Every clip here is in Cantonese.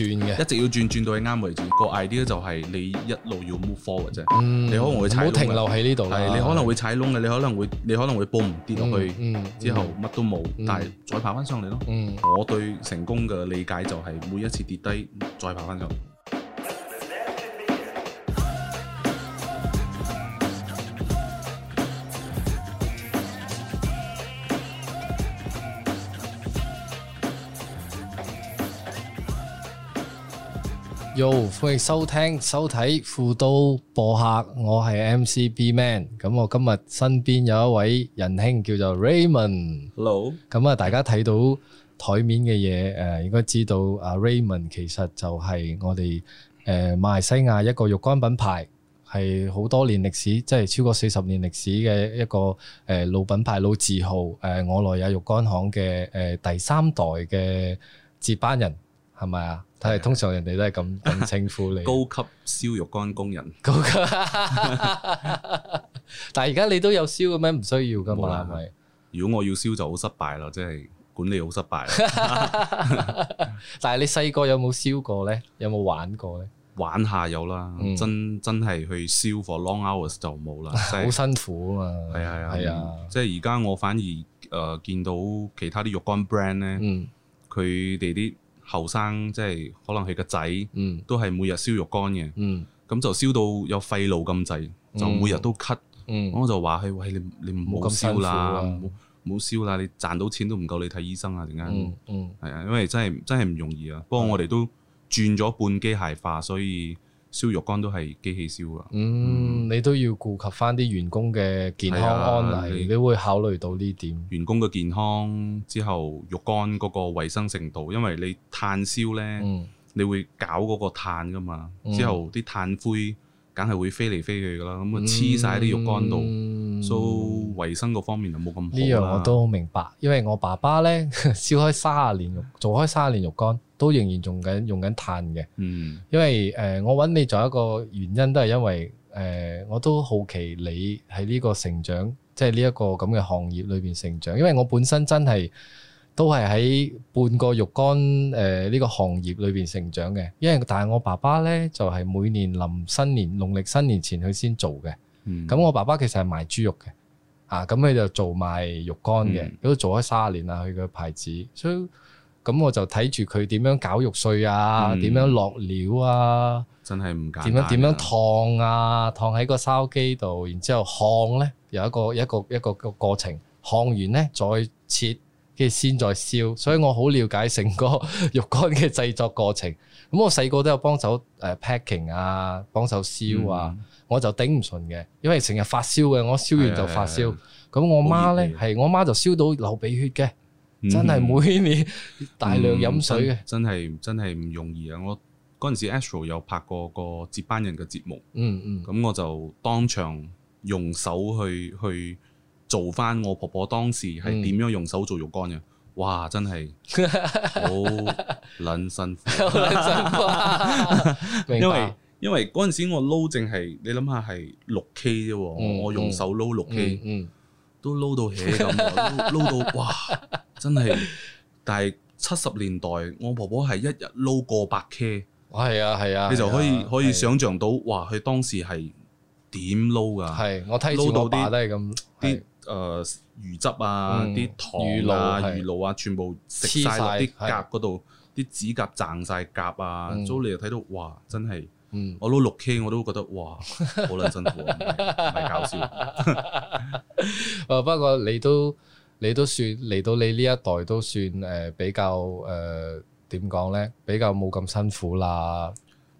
轉嘅，轉一直要轉轉到你啱為止。個 idea 就係你一路要 move forward 啫，你可能會踩停留喺呢度，係你可能會踩窿嘅，你可能會你可能會崩跌落去，嗯嗯、之後乜都冇，嗯、但係再爬翻上嚟咯。嗯、我對成功嘅理解就係每一次跌低再爬翻上。歡迎收聽、收睇富都播客，我係 M C B Man，咁我今日身邊有一位仁兄叫做 Raymond，Hello，咁啊大家睇到枱面嘅嘢，誒應該知道阿 Raymond 其實就係我哋誒馬來西亞一個肉乾品牌，係好多年歷史，即係超過四十年歷史嘅一個誒老品牌、老字號，誒我來有肉乾行嘅誒第三代嘅接班人。係咪啊？但係通常人哋都係咁咁稱呼你，高級燒肉乾工人。高級，但係而家你都有燒嘅咩？唔需要噶嘛係咪？如果我要燒就好失敗啦，即係管理好失敗。但係你細個有冇燒過咧？有冇玩過咧？玩下有啦，真真係去燒 for long hours 就冇啦，好辛苦啊嘛。係啊係啊係啊，即係而家我反而誒見到其他啲肉乾 brand 咧，佢哋啲。後生即係可能佢個仔，嗯、都係每日燒肉乾嘅，咁就、嗯、燒到有肺癆咁滯，嗯、就每日都咳。嗯、我就話佢：喂，你你唔好燒啦，唔好、啊、燒啦！你賺到錢都唔夠你睇醫生啊，點解？係、嗯嗯、啊，因為真係真係唔容易啊。不過我哋都轉咗半機械化，所以。燒肉乾都係機器燒啊！嗯，你都要顧及翻啲員工嘅健康安危。啊、你會考慮到呢點？員工嘅健康之後，肉乾嗰個衛生程度，因為你炭燒咧，嗯、你會搞嗰個炭噶嘛，之後啲炭灰。梗係會飛嚟飛去噶啦，咁啊黐晒啲肉乾度，所以衛生個方面就冇咁好。呢樣我都好明白，因為我爸爸咧燒開卅年肉，做開卅年肉乾，都仍然用緊用緊碳嘅。嗯，因為誒、呃，我搵你做一個原因，都係因為誒、呃，我都好奇你喺呢個成長，即係呢一個咁嘅行業裏邊成長，因為我本身真係。都係喺半個肉乾誒呢、呃呢個行業裏邊成長嘅，因為但係我爸爸呢，就係、係、每年臨新年、農曆新年前佢先做嘅。咁、嗯、我爸爸其實係賣豬肉嘅，啊咁佢就做埋肉乾嘅，嗯、都做咗三年啦。佢個牌子，所以咁我就睇住佢點樣搞肉碎啊，點、嗯、樣落料啊，真係唔簡單。點樣點樣燙啊？燙喺個燒機度，然之後燙呢，有一個一個一個一個過程。燙完呢再切。即係先再燒，所以我好了解成個肉乾嘅製作過程。咁我細個都有幫手誒 packing 啊，幫手燒啊，嗯、我就頂唔順嘅，因為成日發燒嘅，我燒完就發燒。咁、哎、呀我媽呢？係我媽就燒到流鼻血嘅，嗯、真係每年大量飲水嘅、嗯，真係真係唔容易啊！我嗰陣時 Astro 有拍過個接班人嘅節目，嗯嗯，咁、嗯、我就當場用手去去。做翻我婆婆當時係點樣用手做肉乾嘅？哇！真係好撚辛苦， 因為白因為嗰陣時我撈淨係你諗下係六 K 啫，嗯、我用手撈六 K，嗯嗯、都撈到起咁，撈到哇！真係，但係七十年代我婆婆係一日撈過百 K，係啊係啊，啊你就可以、啊、可以想像到，啊、哇！佢當時係點撈㗎？係我睇子擺都係咁。是誒，魚汁啊，啲糖啊，魚露啊，全部黐晒啲甲嗰度，啲指甲掙晒甲啊，j 咁你又睇到，哇，真係，我攞六 K 我都覺得哇，好捻辛苦，啊，唔係搞笑。誒，不過你都你都算嚟到你呢一代都算誒比較誒點講咧，比較冇咁辛苦啦。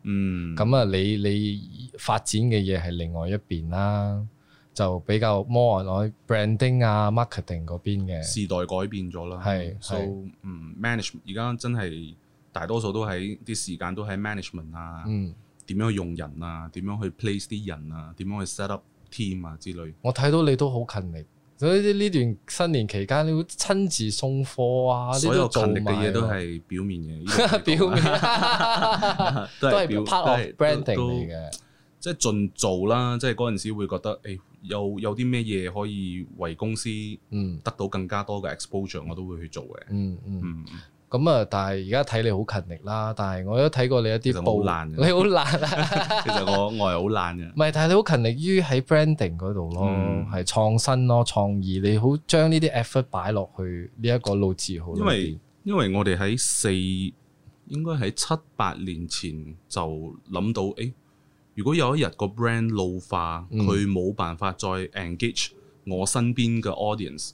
嗯，咁啊，你你發展嘅嘢係另外一邊啦。就比較 more 喺、like、branding 啊 marketing 嗰邊嘅時代改變咗啦，係是，所以 management 而家真係大多數都喺啲時間都喺 management 啊，嗯、點樣用人啊，點樣去 place 啲人啊，點樣去 set up team 啊之類。我睇到你都好勤力，所以呢段新年期間你會親自送貨啊，所有勤力嘅嘢都係表面嘅，表面 都係 part of branding 嚟嘅，即係 表盡做啦，即係嗰陣時會覺得誒。有有啲咩嘢可以為公司嗯得到更加多嘅 exposure，嗯、我都會去做嘅，嗯。嗯嗯咁啊，嗯嗯、但係而家睇你好勤力啦，但係我都睇過你一啲報爛，你好爛啊！其實我 其實我係好爛嘅。唔係， 但係你好勤力於喺 branding 嗰度咯，係、嗯、創新咯，創意你好將呢啲 effort 擺落去呢一、呢個老字號。因為因為我哋喺四應該喺七八年前就諗到，哎、欸。如果有一日個 brand 老化，佢冇、嗯、辦法再 engage 我身邊嘅 audience，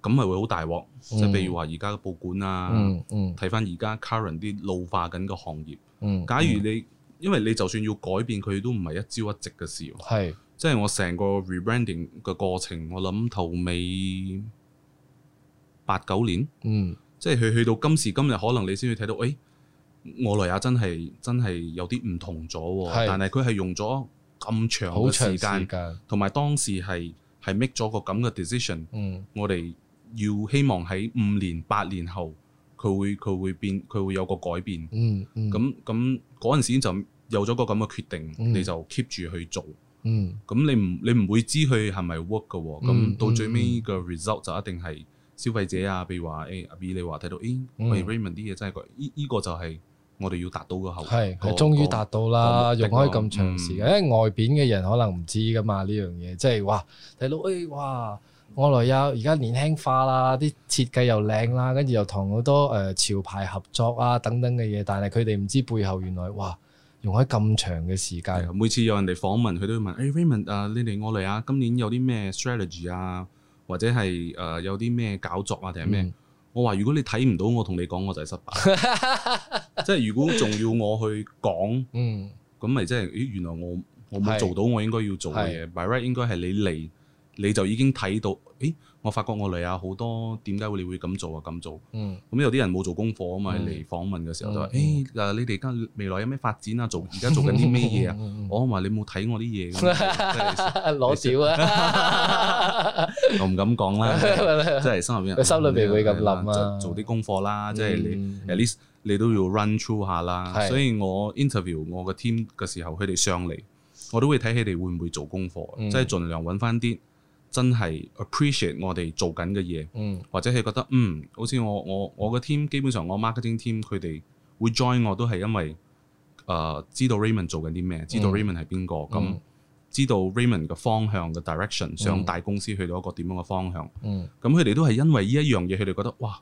咁咪、嗯、會好大鑊。即係、嗯、譬如話而家嘅報館啊，睇翻而家 current 啲老化緊嘅行業。嗯、假如你，嗯、因為你就算要改變，佢都唔係一朝一夕嘅事。係、嗯，即係我成個 rebranding 嘅過程，我諗頭尾八九年。即係佢去到今時今日，可能你先會睇到，哎。我嚟也真係真係有啲唔同咗，但係佢係用咗咁長嘅時間，同埋當時係係 make 咗個咁嘅 decision。我哋要希望喺五年、八年後，佢會佢會變佢會有個改變。咁咁嗰陣時就有咗個咁嘅決定，你就 keep 住去做。咁你唔你唔會知佢係咪 work 㗎？咁到最尾嘅 result 就一定係消費者啊，譬如話誒阿 B 你 l 話睇到誒 Raymond 啲嘢真係個依依個就係。我哋要達到、嗰個後係係終於達到啦，嗰個、用開咁長時間。嗯、因為外邊嘅人可能唔知㗎嘛，呢樣嘢，即係哇睇到誒哇，愛、哎、來呀！而家年輕化啦，啲設計又靚啦，跟住又同好多誒、呃、潮牌合作啊等等嘅嘢。但係佢哋唔知背後原來哇，用開咁長嘅時間。每次有人哋訪問，佢都會問誒、哎、Raymond 啊，你哋我嚟呀今年有啲咩 strategy 啊，或者係誒、呃、有啲咩搞作啊定係咩？我話如果你睇唔到我同你講我就係失敗， 即係如果仲要我去講，咁咪即係，咦原來我我冇做到我應該要做嘅嘢。By right，應該係你嚟你就已經睇到，誒。我發覺我嚟有好多點解會你會咁做啊？咁做，咁有啲人冇做功課啊嘛！嚟訪問嘅時候都話：誒，嗱，你哋而家未來有咩發展啊？做而家做緊啲咩嘢啊？我話你冇睇我啲嘢，攞少啊！我唔敢講啦，即係心入邊，心裏面會咁諗啊！做啲功課啦，即係你 at least 你都要 run through 下啦。所以我 interview 我嘅 team 嘅時候，佢哋上嚟，我都會睇佢哋會唔會做功課，即係盡量揾翻啲。真係 appreciate 我哋做緊嘅嘢，嗯、或者係覺得嗯，好似我我我嘅 team 基本上我 marketing team 佢哋會 join 我都係因為誒知道 Raymond 做緊啲咩，知道 Raymond 係邊個，咁知道 Raymond 嘅、嗯、Ray 方向嘅 direction 上大公司去到一個點樣嘅方向，咁佢哋都係因為呢一樣嘢，佢哋覺得哇，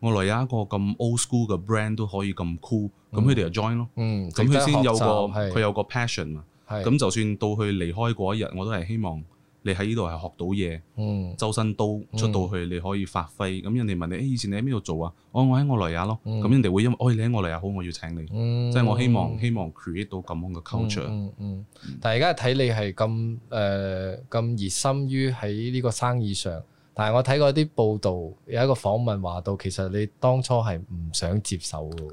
我嚟有一個咁 old school 嘅 brand 都可以咁 cool，咁佢哋就 join 咯。咁佢先有個佢有個 passion 嘛，咁是就算到佢離開嗰一日，我都係希望。你喺呢度係學到嘢，嗯、周身刀出到去你可以發揮。咁、嗯、人哋問你，誒、欸，以前你喺邊度做啊？哦、我我喺歐萊雅咯。咁、嗯、人哋會因為，哦、哎，你喺歐萊雅好，我要請你。即係、嗯、我希望、嗯、希望 create 到咁樣嘅 culture、嗯。嗯，嗯，但係而家睇你係咁誒咁熱心於喺呢個生意上，但係我睇過啲報道，有一個訪問話到，其實你當初係唔想接受嘅。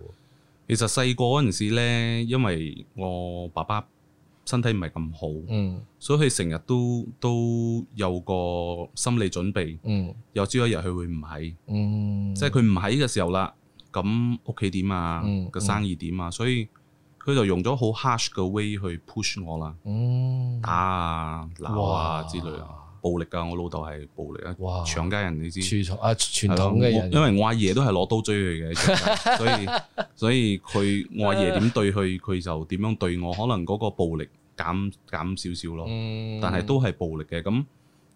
其實細個嗰陣時咧，因為我爸爸，身體唔係咁好，嗯、所以佢成日都都有個心理準備，嗯、有朝一日佢會唔喺，嗯、即係佢唔喺嘅時候啦，咁屋企點啊，嗯、個生意點啊，嗯、所以佢就用咗好 harsh 嘅 way 去 push 我啦，打啊、鬧啊哇之類啊。暴力啊，我老豆係暴力啊！哇，搶家人你知、啊，傳統啊傳統嘅人，因為我阿爺，爺都係攞刀追佢嘅， 所以所以佢我阿爺點對佢，佢 就點樣對我。可能嗰個暴力減減少少咯，嗯、但係都係暴力嘅。咁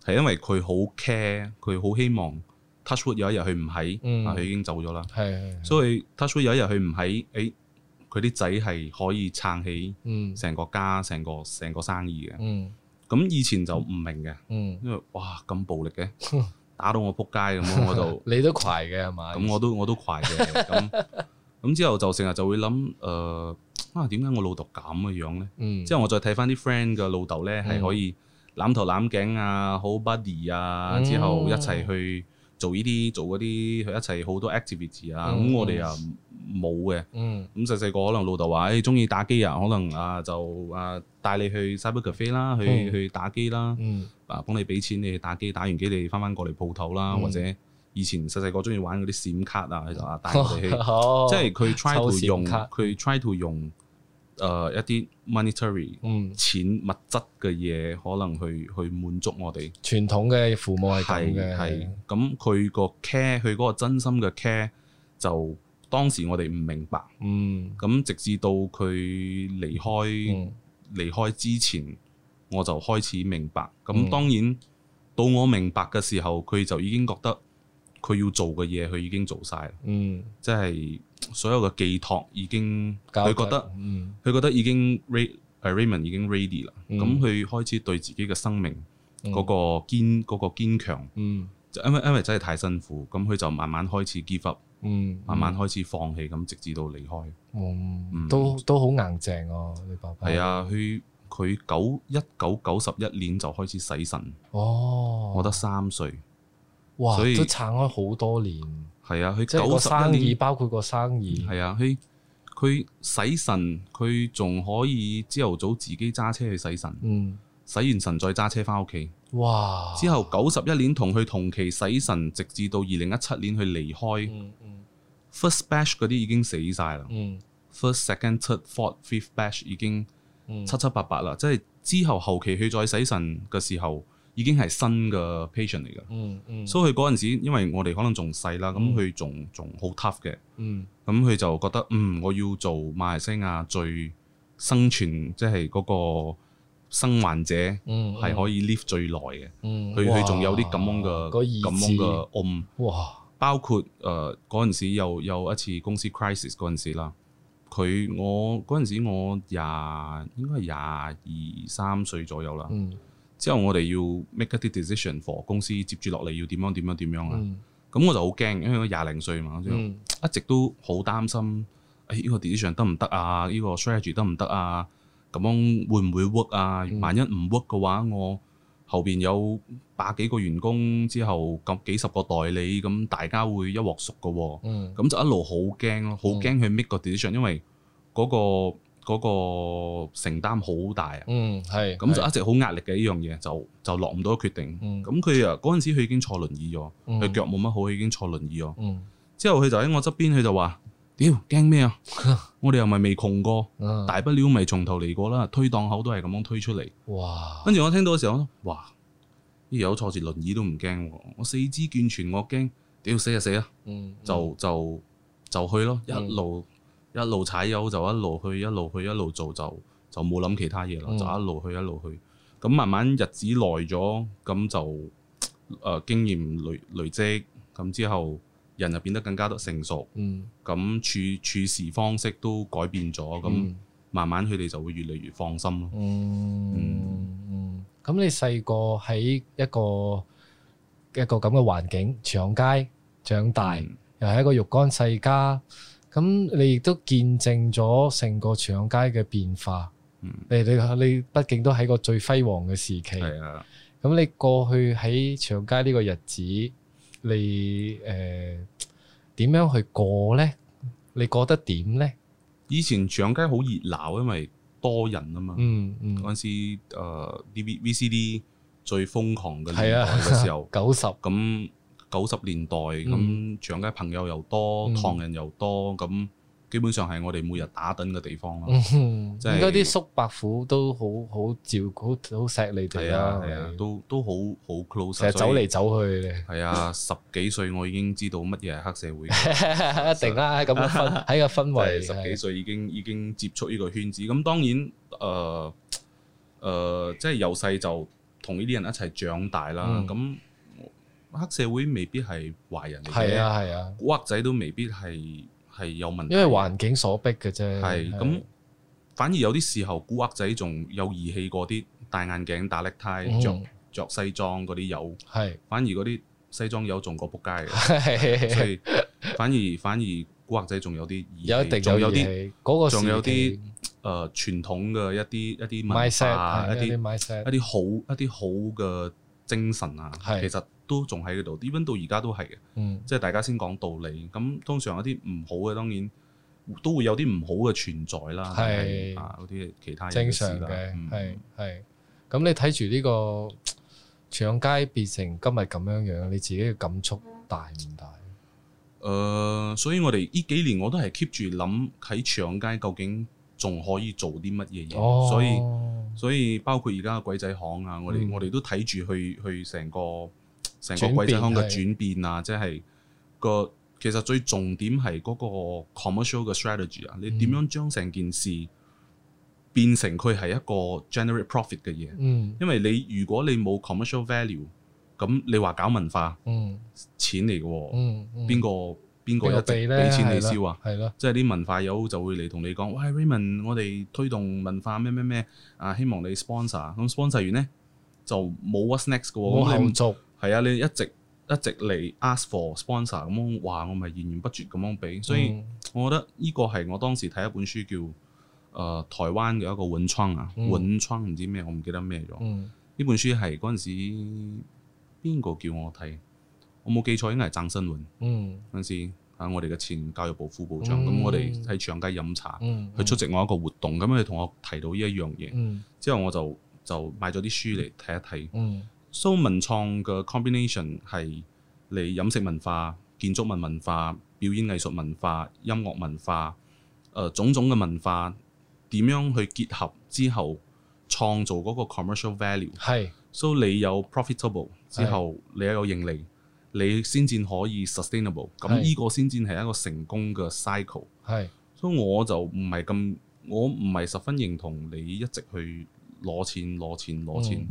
係因為佢好 care，佢好希望 touch wood 有一日佢唔喺，佢、嗯、已經走咗啦。係、嗯，所以 touch wood 有一日佢唔喺，誒佢啲仔係可以撐起成個家、成個成個生意嘅。嗯。咁以前就唔明嘅，嗯、因為哇咁暴力嘅，打到我仆街咁，我就你都攰嘅係嘛？咁我都我都攰嘅，咁咁之後就成日就會諗，誒、呃、啊點解我老豆咁嘅樣咧？嗯、之後我再睇翻啲 friend 嘅老豆咧，係、嗯、可以攬頭攬頸啊，好 buddy 啊，嗯、之後一齊去。做呢啲做嗰啲去一齊好多 activity 啊，咁、嗯、我哋又冇嘅。咁細細個可能老豆話，誒中意打機啊，可能啊就啊帶你去 Cyber Cafe 啦，去、嗯、去打機啦。啊、嗯，幫你俾錢你去打機，打完機你翻翻過嚟鋪頭啦，嗯、或者以前細細個中意玩嗰啲閃卡啊，其實啊帶你去，哦、即係佢 try to 用佢 try to 用。誒、uh, 一啲 monetary 錢、嗯、物質嘅嘢，可能去去滿足我哋傳統嘅父母係咁嘅，係咁佢個 care 佢嗰個真心嘅 care 就當時我哋唔明白，嗯，咁直至到佢離開、嗯、離開之前，我就開始明白。咁當然、嗯、到我明白嘅時候，佢就已經覺得佢要做嘅嘢，佢已經做晒。嗯，即係。所有嘅寄託，已經佢覺得，佢覺得已經 Ray，誒 Raymond 已經 ready 啦。咁佢開始對自己嘅生命嗰個堅嗰個堅強，就因為因為真係太辛苦，咁佢就慢慢開始 give up，慢慢開始放棄，咁直至到離開。嗯，都都好硬淨啊，你爸爸。係啊，佢佢九一九九十一年就開始洗腎，我得三歲，哇，都撐開好多年。係啊，佢九三年即包括個生意。係啊，佢佢洗神，佢仲可以朝頭早自己揸車去洗神。嗯，洗完神再揸車翻屋企。哇！之後九十一年同佢同期洗神，直至到二零一七年佢離開。嗯嗯、First batch 嗰啲已經死晒啦。嗯。First、second、third、fourth、fifth batch 已經七七八八啦，嗯、即係之後後期佢再洗神嘅時候。已經係新嘅 patient 嚟嘅、嗯，嗯嗯，所以佢嗰陣時，因為我哋可能仲細啦，咁佢仲仲好 tough 嘅，嗯，咁佢、嗯、就覺得，嗯，我要做馬來西亞最生存，即係嗰個生患者，嗯，係、嗯、可以 live 最耐嘅，佢佢仲有啲咁樣嘅咁樣嘅，嗯，哇，哇包括誒嗰陣時有，有一次公司 crisis 嗰陣時啦，佢我嗰陣時我廿應該係廿二三歲左右啦，嗯。之後我哋要 make 一啲 decision for 公司接住落嚟要點樣點樣點樣啊？咁、嗯、我就好驚，因為我廿零歲嘛，嗯、一直都好擔心呢、哎呢個 decision 得唔得啊？呢、呢個 strategy 得唔得啊？咁樣會唔會 work 啊？嗯、萬一唔 work 嘅話，我後邊有百幾個員工之後咁幾十個代理咁，大家會一鑊熟嘅喎、啊。咁、嗯、就一路好驚咯，好驚去 make 個 decision，因為嗰、嗰個。嗰個承擔好大啊！嗯，係，咁就一直好壓力嘅呢樣嘢，就就落唔到決定。嗯，咁佢啊，嗰陣時佢已經坐輪椅咗，佢腳冇乜好，已經坐輪椅咗。之後佢就喺我側邊，佢就話：屌，驚咩啊？我哋又咪未窮過，大不了咪從頭嚟過啦。推檔口都係咁樣推出嚟。哇！跟住我聽到嘅時候，我話：呢有坐住輪椅都唔驚，我四肢健全，我驚？屌死就死啦！就就就去咯，一路。一路踩油就一路去，一路去，一路做就就冇諗其他嘢啦，嗯、就一路去，一路去。咁慢慢日子耐咗，咁就誒、呃、經驗累累積，咁之後人就變得更加得成熟。咁、嗯、處處事方式都改變咗，咁慢慢佢哋、嗯、就會越嚟越放心咯。嗯咁、嗯、你細個喺一個一個咁嘅環境長街長大，嗯、又係一個浴缸世家。咁你亦都見證咗成個長街嘅變化，你你、嗯、你畢竟都喺個最輝煌嘅時期。係啊、嗯，咁你過去喺長街呢個日子，你誒點、呃、樣去過咧？你過得點咧？以前長街好熱鬧，因為多人啊嘛。嗯嗯，嗰、嗯、陣時 d、uh, V VCD 最瘋狂嘅時候，九十咁。嗯 90. 九十年代咁，長街朋友又多，唐人又多，咁基本上係我哋每日打躉嘅地方咯。嗯、即係啲叔伯父都好好照顧，好錫你哋。係啊，都都好好 close。走嚟走去。係啊，十幾歲我已經知道乜嘢係黑社會。Thanks, 一定啦，咁喺個氛圍。Family, 十幾歲已經已經接觸呢個圈子，咁當然誒誒、呃呃，即係由細就同呢啲人一齊長大啦。咁、嗯。黑社會未必係壞人嚟嘅，係啊，係啊，古惑仔都未必係係有問題，因為環境所逼嘅啫。係咁，反而有啲時候古惑仔仲有義氣過啲戴眼鏡打領呔着著西裝嗰啲友，係，反而嗰啲西裝友仲過仆街嘅，係，反而反而古惑仔仲有啲義氣，仲有啲嗰個仲有啲誒傳統嘅一啲一啲文化，一啲一啲好一啲好嘅精神啊。其實。都仲喺度，even 到而家都係嘅，嗯、即係大家先講道理。咁通常有一啲唔好嘅，當然都會有啲唔好嘅存在啦。係啊是，嗰啲其他正常嘅，係係、嗯。咁、嗯、你睇住呢個搶街變成今日咁樣樣，你自己嘅感觸大唔大？誒、呃，所以我哋呢幾年我都係 keep 住諗喺搶街究竟仲可以做啲乜嘢嘢，哦、所以所以包括而家鬼仔行啊，我哋、嗯嗯、我哋都睇住去去成個。成個鬼質康嘅轉變啊，即係個其實最重點係嗰個 commercial 嘅 strategy 啊，嗯、你點樣將成件事變成佢係一個 generate profit 嘅嘢？嗯，因為你如果你冇 commercial value，咁你話搞文化，嗯，錢嚟嘅喎，嗯嗯，邊個邊個一直俾錢你燒啊？係咯，即係啲文化友就會嚟同你講，喂 Raymond，我哋推動文化咩咩咩啊，希望你 sponsor。咁 sponsor 完呢，就冇 what's next 嘅喎，冇後續，我係唔做。係啊，你一直一直嚟 ask for sponsor 咁樣話，我咪源源不絕咁樣俾，嗯、所以我覺得呢個係我當時睇一本書叫誒、呃、台灣嘅一個輼窗啊，輼窗唔知咩，我唔記得咩咗。呢、嗯、本書係嗰陣時邊個叫我睇？我冇記錯應該係鄭新雲嗰陣時，係我哋嘅前教育部副部長。咁、嗯、我哋喺長街飲茶，去、嗯、出席我一個活動，咁佢同我提到呢一樣嘢，之後我就就買咗啲書嚟睇一睇。嗯 So, 文創嘅 combination 係你飲食文化、建築文文化、表演藝術文化、音樂文化，誒、呃、種種嘅文化點樣去結合之後，創造嗰個 commercial value 係是，so 你有 profitable 之後你有盈利，是你先至可以 sustainable，咁呢個先至係一個成功嘅 cycle 係是，所以、so, 我就唔係咁，我唔係十分認同你一直去攞錢攞錢攞錢。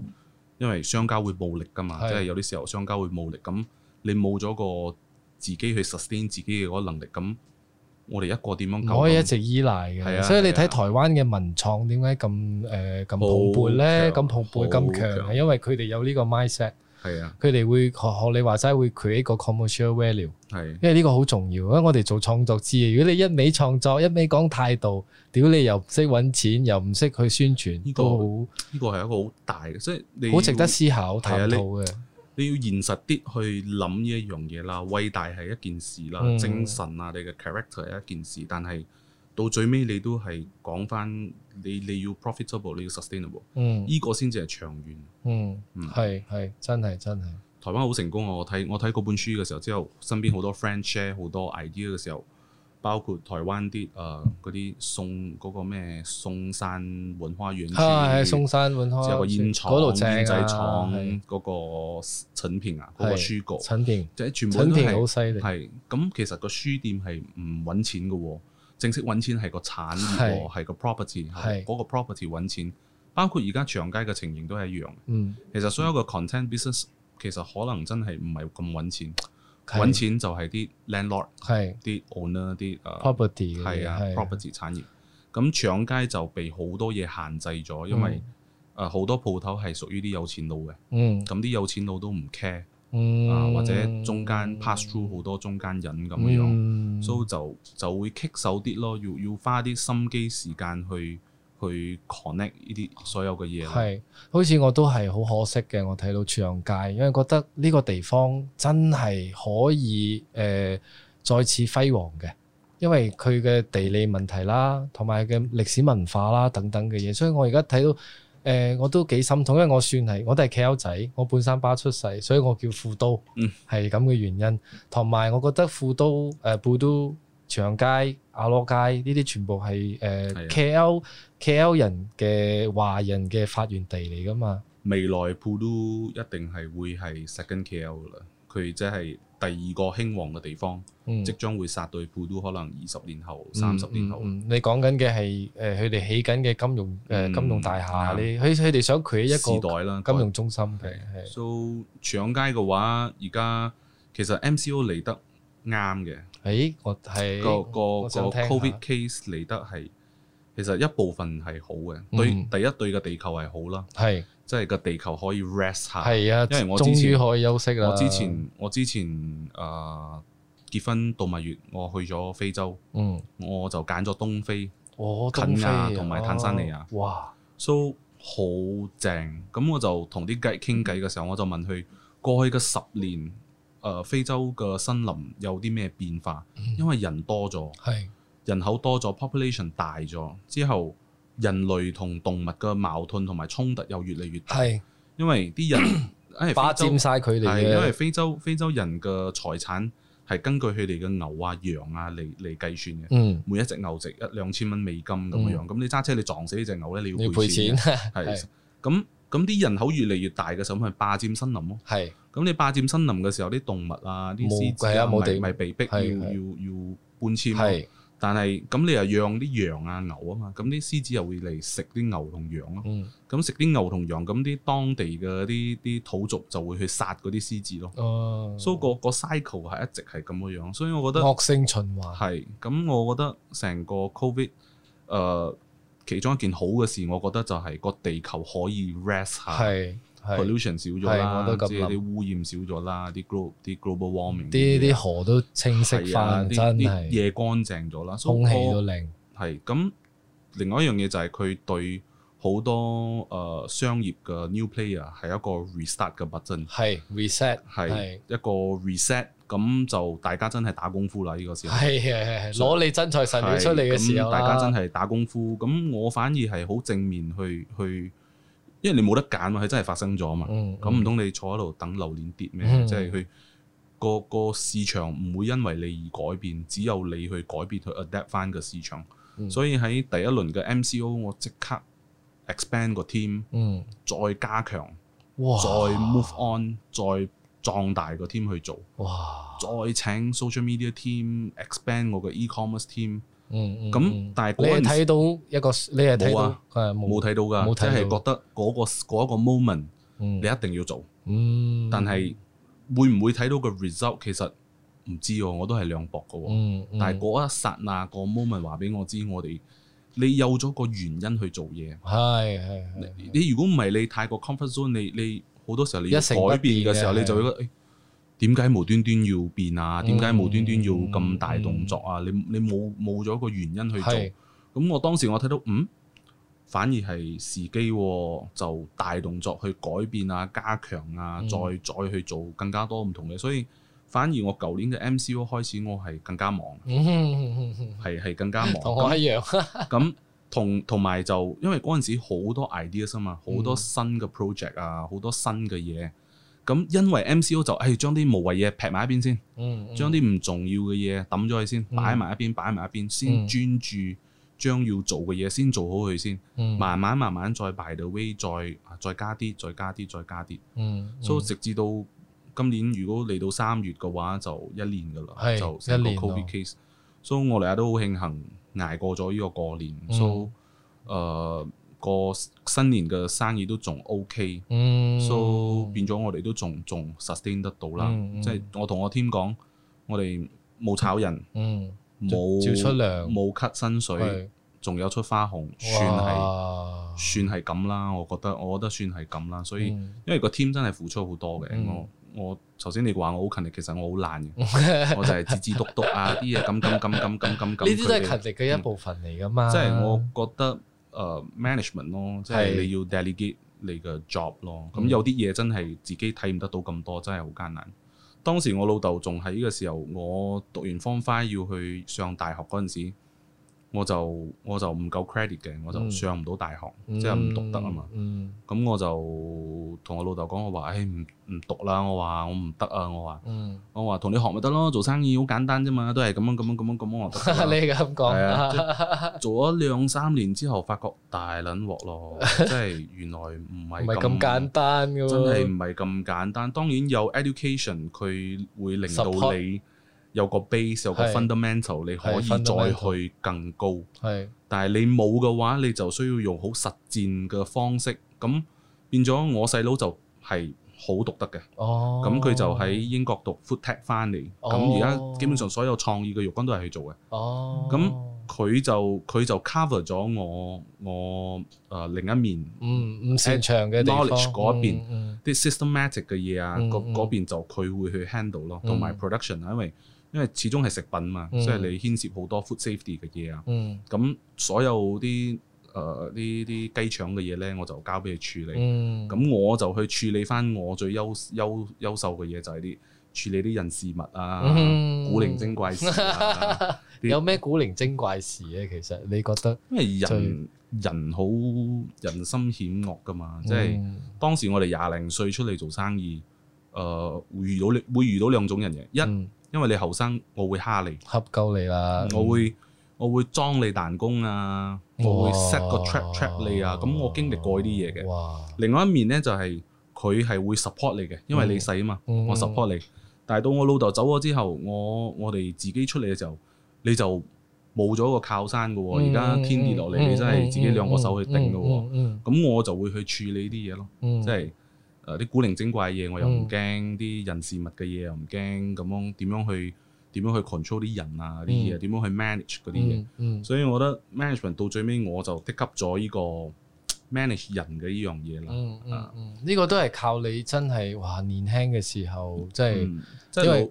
因為商家會暴力㗎嘛，是的 即係有啲時候商家會暴力，咁你冇咗個自己去 sustain 自己嘅嗰個能力，咁我哋一個點樣？唔可以一直依賴嘅。嗯、所以你睇台灣嘅文創點解咁誒咁蓬勃咧？咁蓬勃咁強，係強因為佢哋有呢個 mindset。係啊，佢哋會學學你話齋，會 create 個 commercial value，係、啊，因為呢個好重要。因為我哋做創作資嘅，如果你一味創作，一味講態度，屌你又唔識搵錢，又唔識去宣傳，呢、這個好，呢很個係一個好大，嘅。即係你好值得思考、啊、探討嘅。你要現實啲去諗呢一樣嘢啦，偉大係一件事啦，嗯、精神啊，你嘅 character 係一件事，但係到最尾，你都係講翻，你要 able, 你要 profitable，你要 sustainable，嗯，呢個先至係長遠。嗯，係係真係真係。台灣好成功啊！我睇我睇嗰本書嘅時候，之後身邊好多 friend share 好多 idea 嘅時候，包括台灣啲誒嗰啲松嗰、嗰個咩松山文創園區，係松、啊、山文創，有個煙廠、煙製廠嗰個誠品啊，嗰個書局誠品，誠品即係全部都係。係咁，其實個書店係唔揾錢嘅喎，正式揾錢係個產業，係是個 property，係嗰是、嗰個 property 揾錢。包括而家搶街嘅情形都係一樣。嗯，其實所有個 content business 其實可能真係唔係咁揾錢，揾的錢就係啲 landlord，係啲的 owner 啲誒 property，係啊 property 產業。咁搶街就被好多嘢限制咗，嗯、因為誒好、呃、多鋪頭係屬於啲有錢佬嘅。嗯，咁啲有錢佬都唔 care、嗯。啊，或者中間 pass through 好多中間人咁樣，都、嗯、就就會棘手啲咯。要要花啲心機時間去。去 connect 呢啲所有嘅嘢，係好似我都係好可惜嘅。我睇到長街，因為覺得呢個地方真係可以誒、呃、再次輝煌嘅，因為佢嘅地理問題啦，同埋佢嘅歷史文化啦等等嘅嘢。所以我而家睇到誒、呃，我都幾心痛，因為我算係我都係騎鷹仔，我半山巴出世，所以我叫富都，係咁嘅原因。同埋、嗯、我覺得富都誒富都。呃長街、阿羅街呢啲全部係誒 KL KL 人嘅華人嘅發源地嚟㗎嘛？未來布都一定係會係 second KL 啦，佢即係第二個興旺嘅地方，即將會殺到布都。可能二十年後、三十年後，你講緊嘅係誒佢哋起緊嘅金融誒金融大廈，你佢佢哋想佢一個時代啦，金融中心嘅。所以長街嘅話，而家其實 MCO 嚟得啱嘅。誒，欸、我個我個個 covid case 嚟得係，其實一部分係好嘅，嗯、對第一對嘅地球係好啦，係是，即係個地球可以 rest 下，係啊，因為我終於可以休息啦。我之前我之前誒結婚度蜜月，我去咗非洲，嗯，我就揀咗東非，我肯、哦、亞同埋坦桑尼亞，哦、哇，so 好正，咁我就同啲計傾偈嘅時候，我就問佢過去嘅十年。誒非洲嘅森林有啲咩變化？因為人多咗，係人口多咗，population 大咗之後，人類同動物嘅矛盾同埋衝突又越嚟越大。因為啲人誒霸佔晒佢哋，因為非洲非洲人嘅財產係根據佢哋嘅牛啊羊啊嚟嚟計算嘅。嗯，每一隻牛值一兩千蚊美金咁樣。咁你揸車你撞死呢隻牛咧，你要你賠錢係。咁咁啲人口越嚟越大嘅時候，咪霸佔森林咯。係。咁你霸佔森林嘅時候，啲動物啊，啲獅子啊，冇地咪被逼要的要要搬遷、啊、的但係咁你又養啲羊啊牛啊嘛，咁啲獅子又會嚟食啲牛同羊咯、啊。咁食啲牛同羊，咁啲當地嘅啲啲土族就會去殺嗰啲獅子咯、啊。哦、所以個個 cycle 係一直係咁嘅樣，所以我覺得惡性循環係。咁我覺得成個 COVID 誒、呃、其中一件好嘅事，我覺得就係個地球可以 rest 下。的 pollution 少咗啦，即係啲污染少咗啦，啲 global warming 啲啲河都清晰翻，啲夜乾淨咗啦，空氣都靚。係咁，另外一樣嘢就係佢對好多誒商業嘅 new player 係一個 reset 嘅物質，係 reset 係一個 reset，咁就大家真係打功夫啦。呢個時候係係係攞你真材實料出嚟嘅時候，大家真係打功夫。咁我反而係好正面去去。因為你冇得揀，佢真係發生咗嘛？咁唔通你坐喺度等榴蓮跌咩？嗯、即係佢個個市場唔會因為你而改變，只有你去改變去 adapt 翻個市場。嗯、所以喺第一輪嘅 MCO，我即刻 expand 個 team，、嗯、再加強，哇再 move on，再壯大個 team 去做。哇！再請 social media team expand 我個 e-commerce team。嗯，咁、嗯、但係你睇到一個，你係睇冇啊，冇睇到㗎，即係覺得嗰、嗰個一、嗰個 moment，、嗯、你一定要做。嗯，但係會唔會睇到個 result？其實唔知喎，我都係兩薄嘅喎。嗯嗯、但係嗰一剎那個 moment 話俾我知，我哋你有咗個原因去做嘢。係係。你如果唔係你太過 comfort zone 你你好多時候你一改變嘅時候，你就會覺得。點解無端端要變啊？點解無端端要咁大動作啊？嗯、你你冇冇咗個原因去做？咁是我當時我睇到嗯、反而係時機、啊、就大動作去改變啊、加強啊、嗯、再再去做更加多唔同嘅，所以反而我舊年嘅 MCO 開始，我係更加忙，係係、嗯、更加忙。同我一樣。咁同同埋就因為嗰陣時好多 ideas 啊嘛，好多新嘅 project 啊，好多新嘅嘢。咁因為 MCO 就誒將啲無謂嘢劈埋一邊先，將啲唔重要嘅嘢抌咗佢先，嗯、擺埋一邊，擺埋一邊，先專注將要做嘅嘢先做好佢先，嗯、慢慢慢慢再排到 V，再再加啲，再加啲，再加啲，所以、嗯嗯 so，直至到今年如果嚟到三月嘅話，就一年噶啦，是就成個 COVID case，所以我哋都好慶幸捱過咗呢個過年，所以誒。So，呃個新年嘅生意都仲 OK，嗯，so 變咗我哋都仲仲 sustain 得到啦，即係我同我 team 講，我哋冇炒人，嗯，冇出糧，冇 cut 薪水，仲有出花紅，算係算係咁啦，我覺得我覺得算係咁啦，所以因為個 team 真係付出好多嘅，我我頭先你話我好勤力，其實我好懶嘅，我就係字字讀讀啊，啲嘢咁咁咁咁咁咁，呢啲都係勤力嘅一部分嚟噶嘛，即係我覺得。誒、uh, management 咯，即係你要 delegate 你嘅 job 咯。咁是有啲嘢真係自己睇唔得到咁多，真係好艱難。當時我老豆仲喺依個時候，我讀完 form five 要去上大學嗰陣時。我就我就唔夠 credit 嘅，我就上唔到大學，嗯、即係唔讀得啊嘛。咁、嗯、我就同我老豆講，我話，誒唔唔讀啦，我話我唔得啊，我話。我話同、嗯、你學咪得咯，做生意好簡單啫嘛，都係咁樣咁樣咁樣咁樣我得。 你咁講，做咗兩三年之後，發覺大撚鑊咯，即係 原來唔係咁簡單喎。真係唔係咁簡單，啊啊、當然有 education，佢會令到你。有個 base 有個 fundamental，是你可以再去更高。係是，但係你冇嘅話，你就需要用好實戰嘅方式。咁變咗我細佬就係好讀得嘅。哦，咁佢就喺英國讀 foottech 翻嚟。哦，咁而家基本上所有創意嘅肉幹都係去做嘅。哦，咁佢就佢就 cover 咗我我誒、呃、另一面。嗯，唔、嗯、市場嘅 knowledge 嗰邊，啲、嗯嗯、systematic 嘅嘢啊，嗰、嗯嗯、邊就佢會去 handle 咯、嗯，同埋 production 啊，因為。因為始終係食品嘛，即係你牽涉好多 food safety 嘅嘢啊。咁所有啲誒啲啲雞腸嘅嘢咧，我就交俾你處理。咁我就去處理翻我最優優優秀嘅嘢，就係啲處理啲人事物啊，古靈精怪事。有咩古靈精怪事咧？其實你覺得？因為人人好人心險惡噶嘛，即係當時我哋廿零歲出嚟做生意，誒遇到會遇到兩種人嘅一。因為你後生，我會蝦你，恰夠你啦。我會我會裝你彈弓啊，我會 set 個 trap trap 你啊。咁我經歷過呢啲嘢嘅。另外一面呢，就係佢係會 support 你嘅，因為你細啊嘛，我 support 你。但係到我老豆走咗之後，我我哋自己出嚟嘅時候，你就冇咗個靠山㗎。而家天跌落嚟，你真係自己兩個手去頂嘅。咁我就會去處理啲嘢咯，即係。啲古靈精怪嘅嘢我又唔驚，啲、嗯、人事物嘅嘢又唔驚，咁樣點樣去點樣去 control 啲人啊啲嘢，點、嗯、樣去 manage 嗰啲嘢？嗯，所以我覺得 management 到最尾我就 take up 咗呢個 manage 人嘅呢樣嘢啦。嗯嗯嗯，呢、這個都係靠你真係哇年輕嘅時候，即、就、係、是嗯嗯、因為。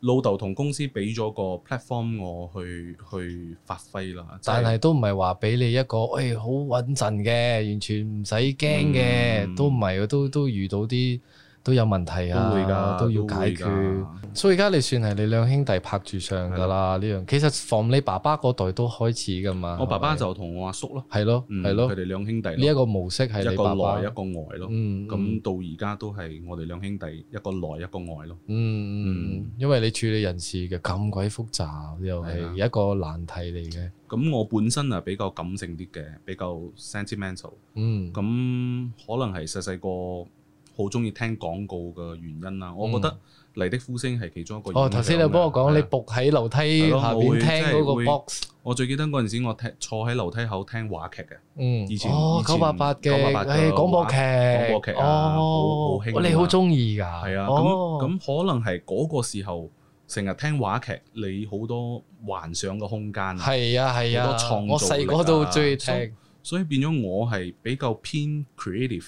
老豆同公司俾咗個 platform 我去去發揮啦，就係、但係都唔係話俾你一個，誒好穩陣嘅，完全唔使驚嘅，都唔係，都都遇到啲。都有問題啊，都要解決。所以而家你算係你兩兄弟拍住上噶啦呢樣。其實從你爸爸嗰代都開始噶嘛。我爸爸就同我阿叔咯，係咯，係咯，佢哋兩兄弟。呢一個模式係一個內一個外咯。嗯，咁到而家都係我哋兩兄弟一個內一個外咯。嗯嗯，因為你處理人事嘅咁鬼複雜，又係一個難題嚟嘅。咁我本身啊比較感性啲嘅，比較 sentimental。嗯，咁可能係細細個。好中意聽廣告嘅原因啦，我覺得嚟的呼聲係其中一個原因。哦，頭先你幫我講，你伏喺樓梯下邊聽嗰個 box。我最記得嗰陣時，我聽坐喺樓梯口聽話劇嘅。嗯，以前。哦，九八八嘅，八廣播劇。廣播劇哦，好，好興你好中意㗎。係啊，咁咁可能係嗰個時候成日聽話劇，你好多幻想嘅空間。係啊，係啊。我細個都中意聽。所以變咗我係比較偏 creative。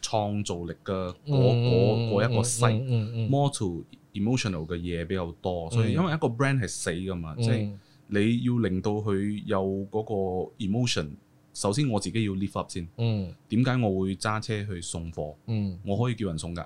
創造力嘅嗰嗰一個細，mortal emotional 嘅嘢比較多，所以因為一個 brand 係死㗎嘛，即係你要令到佢有嗰個 emotion。首先我自己要 lift up 先，點解我會揸車去送貨？我可以叫人送㗎。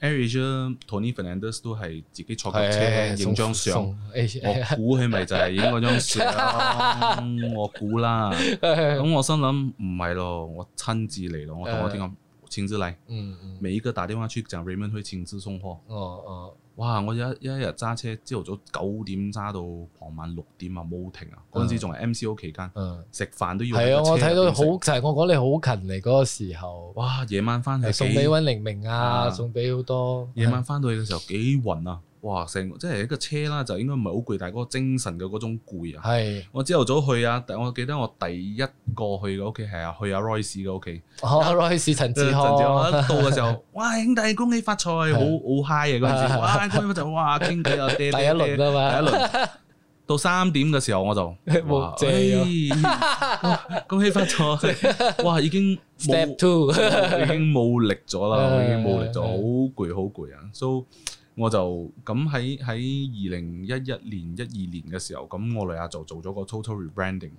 AirAsia Tony Fernandez 都係自己坐架車影張相，我估係咪就係影嗰張相？我估啦，咁我心諗唔係咯，我親自嚟咯，我同我啲咁。親自嚟，嗯嗯，每一個打電話去講 Raymond 去親自送貨，哦哦，哇！我一一日揸車朝頭早九點揸到傍晚六點啊，冇停啊，嗰陣、嗯、時仲係 MCO 期間、嗯，嗯，食飯都要係啊、就是，我睇到好，就係我講你好勤力嗰個時候，哇！夜晚翻去送俾搵黎明啊，送俾好多，夜晚翻到去嘅時候幾暈啊！哇！成即係一個車啦，就應該唔係好攰，但係嗰個精神嘅嗰種攰啊！我朝頭早去啊，但我記得我第一個去嘅屋企係啊，去阿 Roy 氏嘅屋企。好，Roy 氏陳志浩。我一到嘅時候，哇！兄弟，恭喜發財，好好 high 啊！嗰陣時，哇！恭喜就哇，傾偈又第一輪啊嘛！第一輪到三點嘅時候，我就冇。恭喜發財！哇，已經 step t 已經冇力咗啦，已經冇力咗，好攰，好攰啊！So 我就咁喺喺二零一一年、一二年嘅時候，咁我嚟亞就做咗個 total rebranding。咁、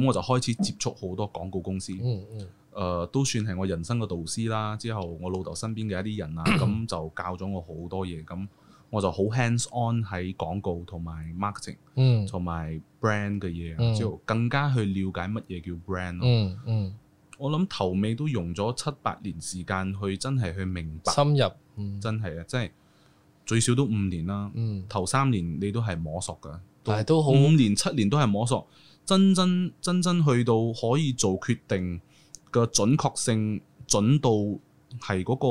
嗯、我就開始接觸好多廣告公司。嗯，嗯、呃、都算係我人生嘅導師啦。之後我老豆身邊嘅一啲人啊，咁、 嗯、就教咗我好多嘢。咁我就好 hands on 喺廣告同埋 marketing、嗯。同埋 brand 嘅嘢，之後更加去了解乜嘢叫 brand 嗯。嗯我諗頭尾都用咗七八年時間去真係去明白深入。嗯、真係啊，真係。真最少都五年啦，嗯，頭三年你都係摸索噶，但係都好，五年七年都係摸索，真真真真去到可以做決定嘅準確性、準到，係嗰個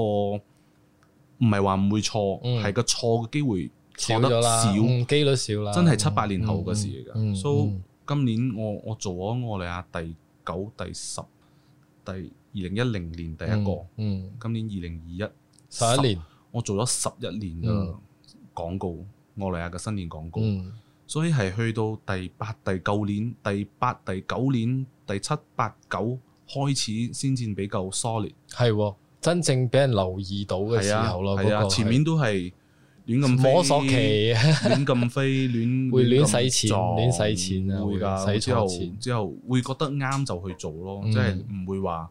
唔係話唔會錯，係個錯嘅機會錯得少，幾率少啦，真係七八年後嘅事嚟噶。所以今年我我做咗我哋阿第九、第十、第二零一零年第一個，嗯，今年二零二一十一年。我做咗十一年嘅廣告，奧萊、嗯、亞嘅新年廣告，嗯、所以係去到第八、第九年、第八、第九年、第七、八九開始先至比較 solid，係喎、哦，真正俾人留意到嘅時候咯，嗰、啊、個、啊、前面都係亂咁摸索期， 亂咁飛，亂會亂使錢，撞會亂使錢啊，會噶的，使錢之後之後會覺得啱就去做咯，嗯、即係唔會話。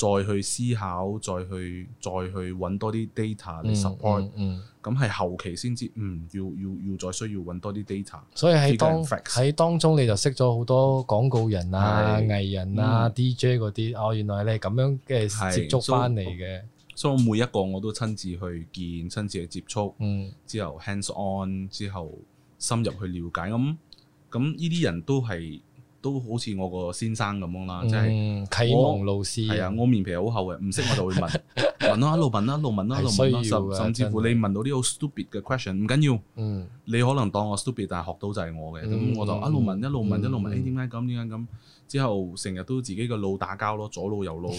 再去思考，再去再去揾多啲 data 嚟 support，咁係、嗯嗯嗯、後期先至，嗯，要要要再需要揾多啲 data。所以喺當喺當中你就識咗好多廣告人啊、藝的人啊、嗯、DJ 嗰啲，哦，原來你咁樣嘅接觸翻嚟嘅。所以我每一個我都親自去見親自去接觸嗯之後 hands on 之後深入去了解。咁咁呢啲人都係。都好似我個先生咁樣啦，即係、嗯、我啟蒙老師。係啊，我面皮好厚嘅，唔識我就會問 問啊，一路問啦、啊，一路問啦、啊 啊，一路問啦、啊。係需要嘅，甚至乎的你問到啲好 stupid 嘅 question，唔緊要。嗯，你可能當我 stupid，但係學到就係我嘅。咁、嗯、我就一路問一路問一路問，誒點解咁，點解咁？之後成日都自己個腦打交咯，左腦右腦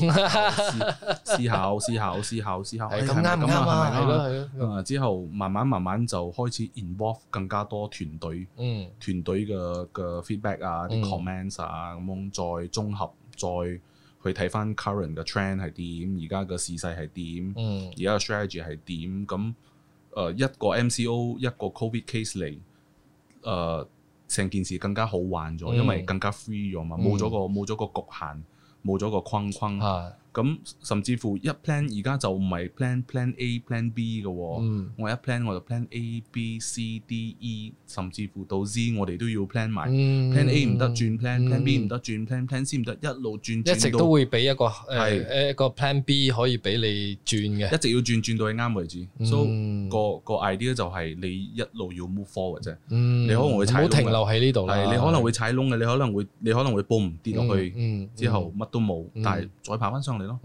思考思考思考思考，係咁啱唔啱啊？之後慢慢慢慢就開始 involve 更加多團隊，嗯，團隊嘅嘅 feedback 啊，啲 comments 啊，咁再綜合，再去睇翻 current 嘅 trend 係點，而家嘅事勢係點，而家 strategy 係點，咁誒、呃、一個 MCO 一個 COVID case 嚟，誒、呃。成件事更加好玩咗，因為更加 free 咗嘛，冇咗、嗯、個冇咗個侷限，冇咗個框框。嗯。咁甚至乎一 plan 而家就唔係 plan plan A plan B 嘅，我一 plan 我就 plan A B C D E，甚至乎到 Z 我哋都要 plan 埋。plan A 唔得轉 plan plan B 唔得轉 plan plan C 唔得，一路轉，一直都會俾一個係誒一個 plan B 可以俾你轉嘅。一直要轉轉到佢啱為止。So 個個 idea 就係你一路要 move forward 啫。你可能會冇停留喺呢度，你可能會踩窿嘅，你可能會你可能會 boom 跌落去之後乜都冇，但係再爬翻上。係咯，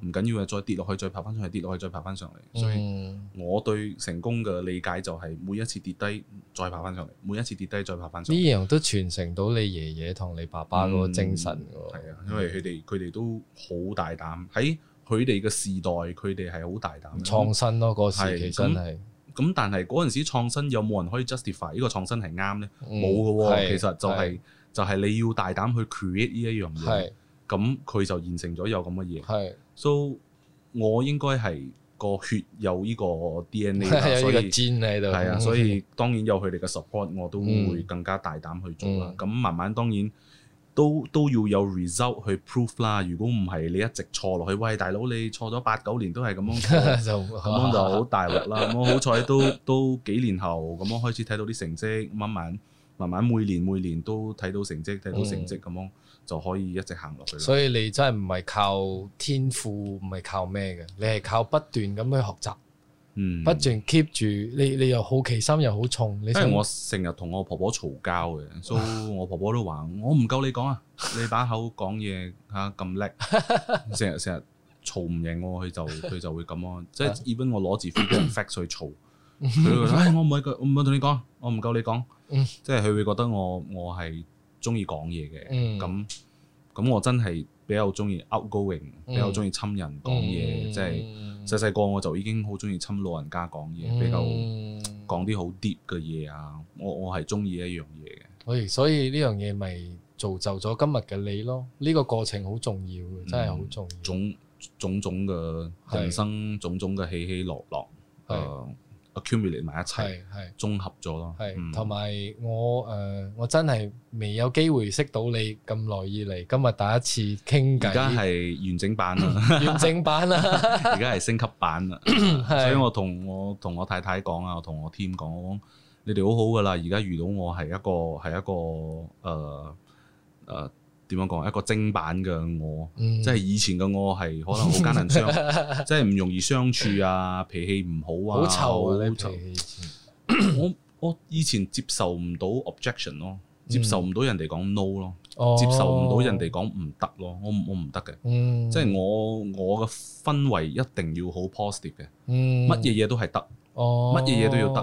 唔緊要啊！再跌落去，再爬翻上嚟；跌落去，再爬翻上嚟。嗯、所以我對成功嘅理解就係每一次跌低再爬翻上嚟，每一次跌低再爬翻上嚟。呢樣都傳承到你爺爺同你爸爸嗰個精神喎。係、嗯、啊，因為佢哋佢哋都好大膽喺佢哋嘅時代，佢哋係好大膽創新咯、啊。嗰時期真係咁，但係嗰陣時創新有冇人可以 justify 呢個創新係啱呢？冇噶喎，哦、是其實就係、是、是就係你要大膽去 create 呢一樣嘢。是咁佢就完成咗有咁嘅嘢，所以是、so, 我應該係個血有呢個 DNA， 所以有個尖喺度，係啊，的所以當然有佢哋嘅 support，我都會更加大膽去做啦。咁、嗯、慢慢當然都都要有 result 去 proof 啦。如果唔係你一直錯落去，喂大佬你錯咗八九年都係咁樣， 就樣就咁就好大鑊啦。我 好彩都都幾年後咁樣開始睇到啲成績，慢慢慢慢每年，每年，每，年，每，年每年都睇到成績，睇到成績咁樣。 就可以一直行落去。所以你真係唔係靠天賦，唔係靠咩嘅，你係靠不斷咁去學習，嗯、不斷 keep 住。你你又好奇心又好重。你我成日同我婆婆嘈交嘅，啊、所以我婆婆都話：我唔夠你講啊！你把口講嘢嚇咁叻，成日成日嘈唔贏我，佢就佢就會咁咯、啊。 即係 even 我攞住 fact 去嘈、 哎，我唔係，我唔係同你講，我唔夠你講。即係佢會覺得我我係。中意講嘢嘅，咁咁、嗯、我真係比較中意 outgoing，比較中意親人講嘢，即係細細個我就已經好中意親老人家講嘢，嗯、比較講啲好 deep 嘅嘢啊！我我係中意一樣嘢嘅，所以所以呢樣嘢咪造就咗今日嘅你咯。呢個過程好重要，真係好重要、嗯種、種種種嘅人生，的種種嘅起起落落，係的。呃 accumulate 埋一齊，係綜合咗咯。係同埋我誒，uh，我真係未有機會識到你咁耐以嚟，今日第一次傾偈。而家係完整版啊！ 完整版啦，而家係升級版啦。 是所以我同我同我，我太太講啊，我同我 team 講，你哋好好噶啦。而家遇到我係一個係一個誒誒。呃呃點樣講？一個精版嘅我，嗯、即係以前嘅我係可能好艱難相， 即係唔容易相處啊，脾氣唔好啊，好臭啊！好臭。我我以前接受唔到 objection 咯，接受唔到人哋講 no 咯，哦、接受唔到人哋講唔得咯，我我唔得嘅，嗯、即係我我嘅氛圍一定要好 positive 嘅，乜嘢嘢都係得。乜嘢嘢都要得，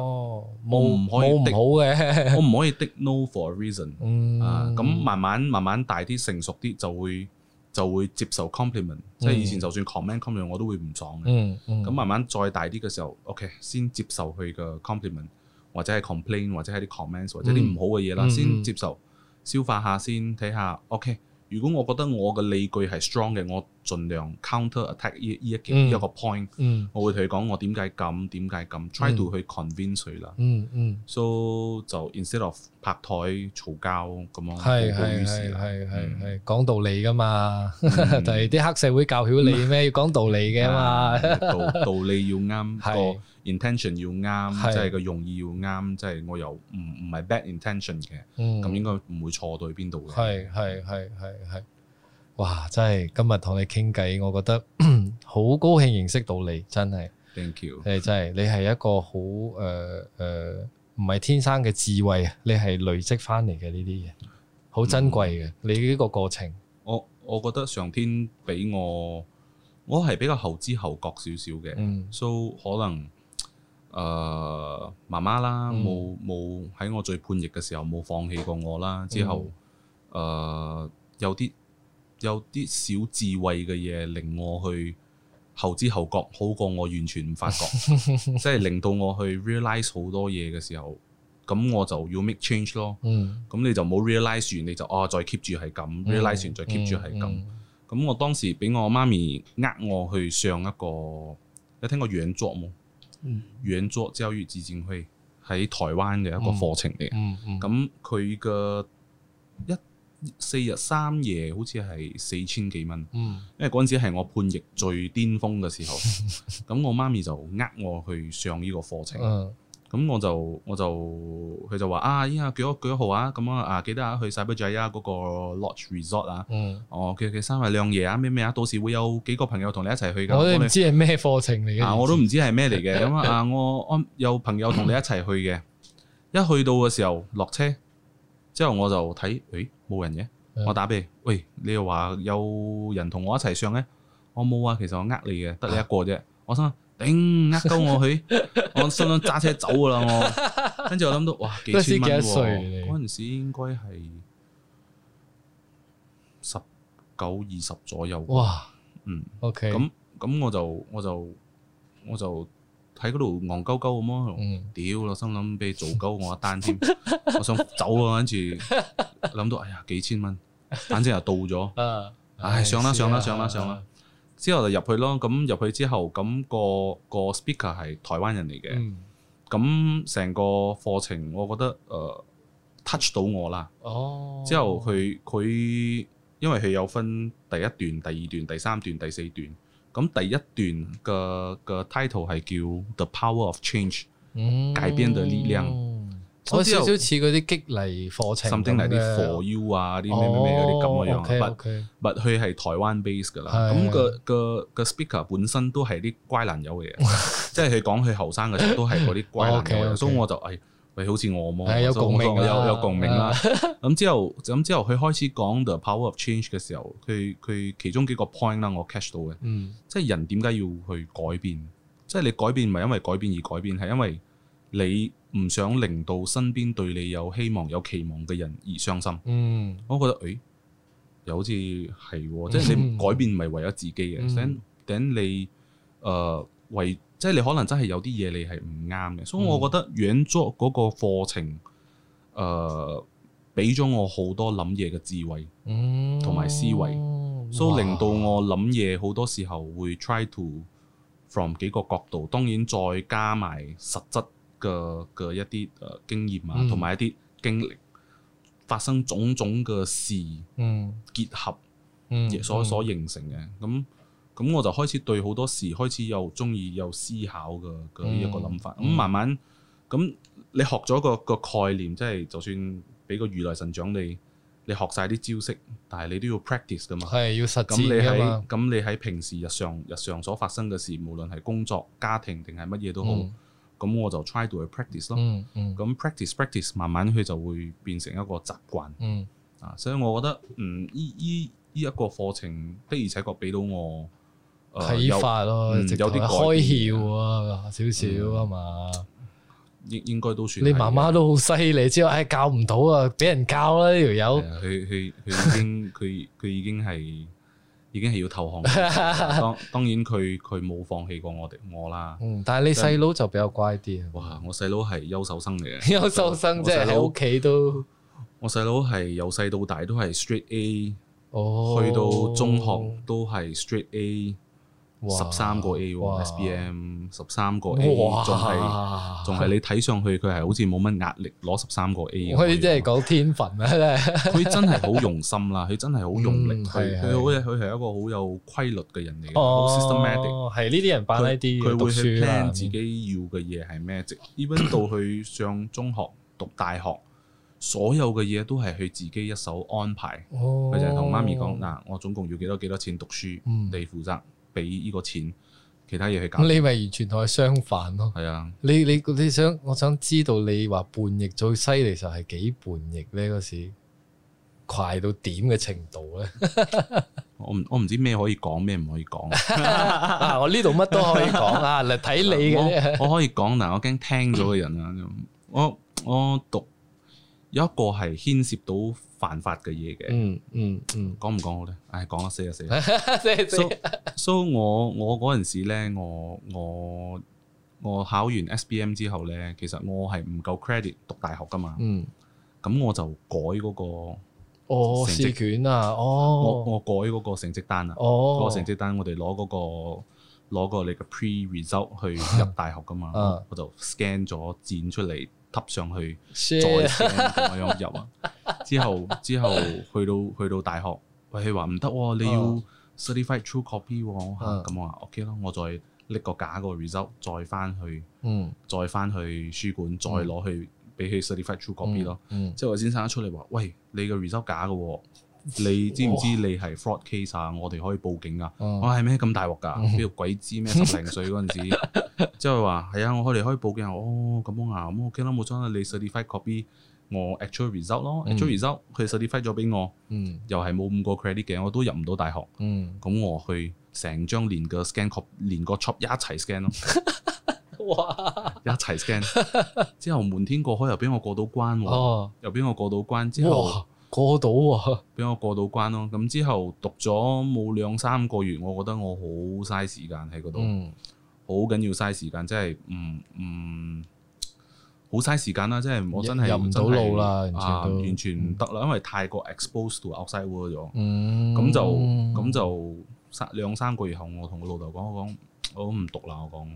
沒我唔可以，我唔好嘅，我唔可以的 no for a reason、嗯。啊，咁慢慢慢慢大啲，成熟啲就會就會接受 compliment，即係、嗯、以前就算 comment comment 我都會唔爽嘅。咁、嗯嗯、慢慢再大啲嘅時候，OK 先接受佢嘅 compliment，或者係 complain，或者係啲 comments 或者啲唔好嘅嘢啦，嗯、先接受、嗯、消化下先，睇下 OK。如果我覺得我嘅理據係 strong 嘅，我盡量 counter attack 呢呢一一個 point，我會同佢講我點解咁，點解咁，try to 去 convince 佢啦。嗯嗯。So 就 instead of 拍台嘈交咁樣，無補於事啦。係係係，講道理㗎嘛，就係啲黑社會教曉你咩要講道理嘅嘛，道道理要啱。Intention 要啱，即係個用意要啱，即係我又唔唔係 bad intention 嘅，咁、嗯、應該唔會錯到去邊度嘅。係係係係係，哇！真係今日同你傾偈，我覺得好 高興認識到你，真係。Thank you。你真係你係一個好誒誒，唔係天生嘅智慧啊！你係累積翻嚟嘅呢啲嘢，好珍貴嘅。嗯、你呢個過程，我我覺得上天俾我，我係比較後知後覺少少嘅，嗯，so 可能。誒、uh, 媽媽啦，冇冇喺我最叛逆嘅時候冇放棄過我啦。之後誒、嗯 uh, 有啲有啲小智慧嘅嘢，令我去後知後覺，好過我完全唔發覺，即係、嗯、令到我去 realize 好多嘢嘅時候，咁我就要 make change 咯。咁、嗯、你就冇 realize 完你就哦，再 keep 住係咁、嗯、realize 完再 keep 住係咁。咁、嗯嗯嗯、我當時俾我媽咪呃我去上一個，你聽過養作冇？原、嗯、作教育自戰區喺台灣嘅一個課程嚟嘅，咁佢嘅一四日三夜好似係四千幾蚊，嗯、因為嗰陣時係我叛逆最巔峰嘅時候，咁 我媽咪就呃我去上呢個課程。嗯咁我就我就佢就話啊，依家幾多幾多號啊，咁啊啊記得啊去晒班仔啊嗰個 Lodge Resort、嗯哦、啊，我叫佢三位靚爺啊咩咩啊，到時會有幾個朋友同你一齊去噶、啊。我都唔知係咩課程嚟嘅，我都唔知係咩嚟嘅。咁啊我我有朋友同你一齊去嘅，一去到嘅時候落車之後我就睇，誒、哎、冇人嘅，我打俾你，喂，你又話有人同我一齊上咧，我冇啊，其實我呃你嘅，得你一個啫，我想。頂呃鳩我去，我心諗揸車走噶啦 我，我，跟住我諗到哇幾千蚊喎，嗰陣時應該係十九二十左右。哇，嗯，OK，咁咁、嗯、我就我就我就喺嗰度戇鳩鳩咁咯，屌咯，心諗俾你做鳩我一單添，嗯、 我想走啊，跟住諗到哎呀幾千蚊，反正又到咗，唉上啦上啦上啦上啦！上 之後就入去咯，咁入去之後，咁、那個、那個 speaker 係台灣人嚟嘅，咁成、嗯、個課程我覺得誒 touch、呃、到我啦。哦，之後佢佢因為佢有分第一段、第二段、第三段、第四段，咁第一段嘅嘅、那個、title 係叫 The Power of Change，改變、嗯、的力量。有少少似嗰啲激勵課程甚至係啲 for you 啊，啲咩咩咩嗰啲咁嘅樣，但但佢係台灣 base 噶啦。咁個個個 speaker 本身都係啲乖男友嘅嘢，即係佢講佢後生嘅時候都係嗰啲乖男友。所以我就誒誒，好似我啊，有共鳴，有有共鳴啦。咁之後，咁之後佢開始講 the power of change 嘅時候，佢佢其中幾個 point 啦，我 catch 到嘅，即係人點解要去改變？即係你改變唔係因為改變而改變，係因為。你唔想令到身邊對你有希望有期望嘅人而傷心，嗯，我覺得，誒、欸、又好似係、哦，嗯、即係你改變唔係為咗自己嘅，等你、嗯，誒、呃、為即係你可能真係有啲嘢你係唔啱嘅，嗯、所以我覺得遠足嗰個課程，誒俾咗我好多諗嘢嘅智慧，嗯，同埋思維，嗯、所以令到我諗嘢好多時候會 try to from 幾個角度，當然再加埋實質。嘅嘅一啲誒經驗啊，同埋一啲經歷，發生種種嘅事，嗯，結合，嗯，所所形成嘅，咁咁、嗯、我就開始對好多事開始又中意又思考嘅嘅一個諗法。咁、嗯、慢慢咁你學咗、個個概念，即係就算俾個如來神掌你，你學晒啲招式，但係你都要 practice 噶嘛，係要實踐噶嘛，咁你喺咁你喺平時日常日常所發生嘅事，無論係工作、家庭定係乜嘢都好。嗯咁我就 try 到去 practice 咯、嗯，咁、嗯、pract practice，practice 慢慢佢就會變成一個習慣，啊、嗯，所以、so, 我覺得，嗯，依依依一個課程的而且確俾到我、呃、啟發咯，有啲開竅啊，少少啊嘛，應、嗯、應該都算。你媽媽都好犀利，之後唉教唔到啊，俾人教啦呢條友。佢佢佢已經佢佢 已經係。已經係要投降 當。當當然佢佢冇放棄過我哋我啦。嗯，但係你細佬就比較乖啲。哇，我細佬係優秀生嚟嘅。優秀生，即係喺屋企都。我細佬係由細到大都係 straight A。哦。去到中學都係 straight A。十三個 A 喎，SPM 十三個 A，仲係仲係你睇上去佢係好似冇乜壓力攞十三個 A。佢真即係講天分啦，佢真係好用心啦，佢真係好用力，佢好似佢係一個好有規律嘅人嚟。哦，systematic，係呢啲人辦呢啲，佢會去 plan 自己要嘅嘢係咩？即 even 到去上中學讀大學，所有嘅嘢都係佢自己一手安排。佢就同媽咪講：嗱，我總共要幾多幾多錢讀書，你負責。俾呢個錢，其他嘢去搞你，啊你，你咪完全同佢相反咯。係啊，你你你想，我想知道你話叛逆最犀利就係幾叛逆呢？嗰時快到點嘅程度咧？ 我唔我唔知咩可以講，咩唔可以講， 啊。我呢度乜都可以講 啊，嚟睇你嘅。我可以講，但我驚聽咗嘅人啊。 我我讀有一個係牽涉到犯法嘅嘢嘅，嗯嗯嗯，講唔講好咧？唉，講啊，死啊死 ！so so 我我嗰陣時咧，我呢我我，我考完 SBM 之後咧，其實我係唔夠 credit 讀大學噶嘛，嗯，咁我就改嗰個成績、哦、卷啊，哦，我我改嗰個成績單啊，哦，個成績單我哋攞嗰個攞個你嘅 pre result 去入大學噶嘛， 我就 scan 咗展出嚟。吸上去，是再試咁樣入。 之後之後去到去到大學，佢話唔得，你要 certify true copy 咁我話 OK 咯，我再拎個假個 result，再翻去，嗯、再翻去書館，再攞去俾佢 certify true copy 咯。之後、嗯嗯、先生一出嚟話：喂，你個 result 假㗎、哦。你知唔知你係 fraud case 啊？我哋可以報警啊！我係咩咁大鑊㗎？邊個鬼知咩十零歲嗰陣 之即係話係啊！我可以可以報警啊！哦咁啊，咁、嗯、OK 啦，冇錯啦，你 certified copy 我 act result、嗯、actual result 咯，actual result 佢 certify 咗俾我，嗯、又係冇五個 credit 嘅，我都入唔到大學，咁、嗯嗯、我去成張連個 scan cop 連個 chop 一齊 scan 咯， 哇，一齊 scan 之後瞞天過海又俾我過到關喎、哦，又俾我過到關之後。之後過到、啊，俾我過到關咯。咁之後讀咗冇兩三個月，我覺得我好嘥時間喺嗰度，好緊、嗯、要嘥時間，即係唔唔好嘥時間啦。即係我真係入唔到路啦，完全唔得啦，啊嗯、因為太過 exposed to outside world 咗。咁、嗯、就咁就兩三個月後我我爸爸，我同我老豆講，我講我唔讀啦，我講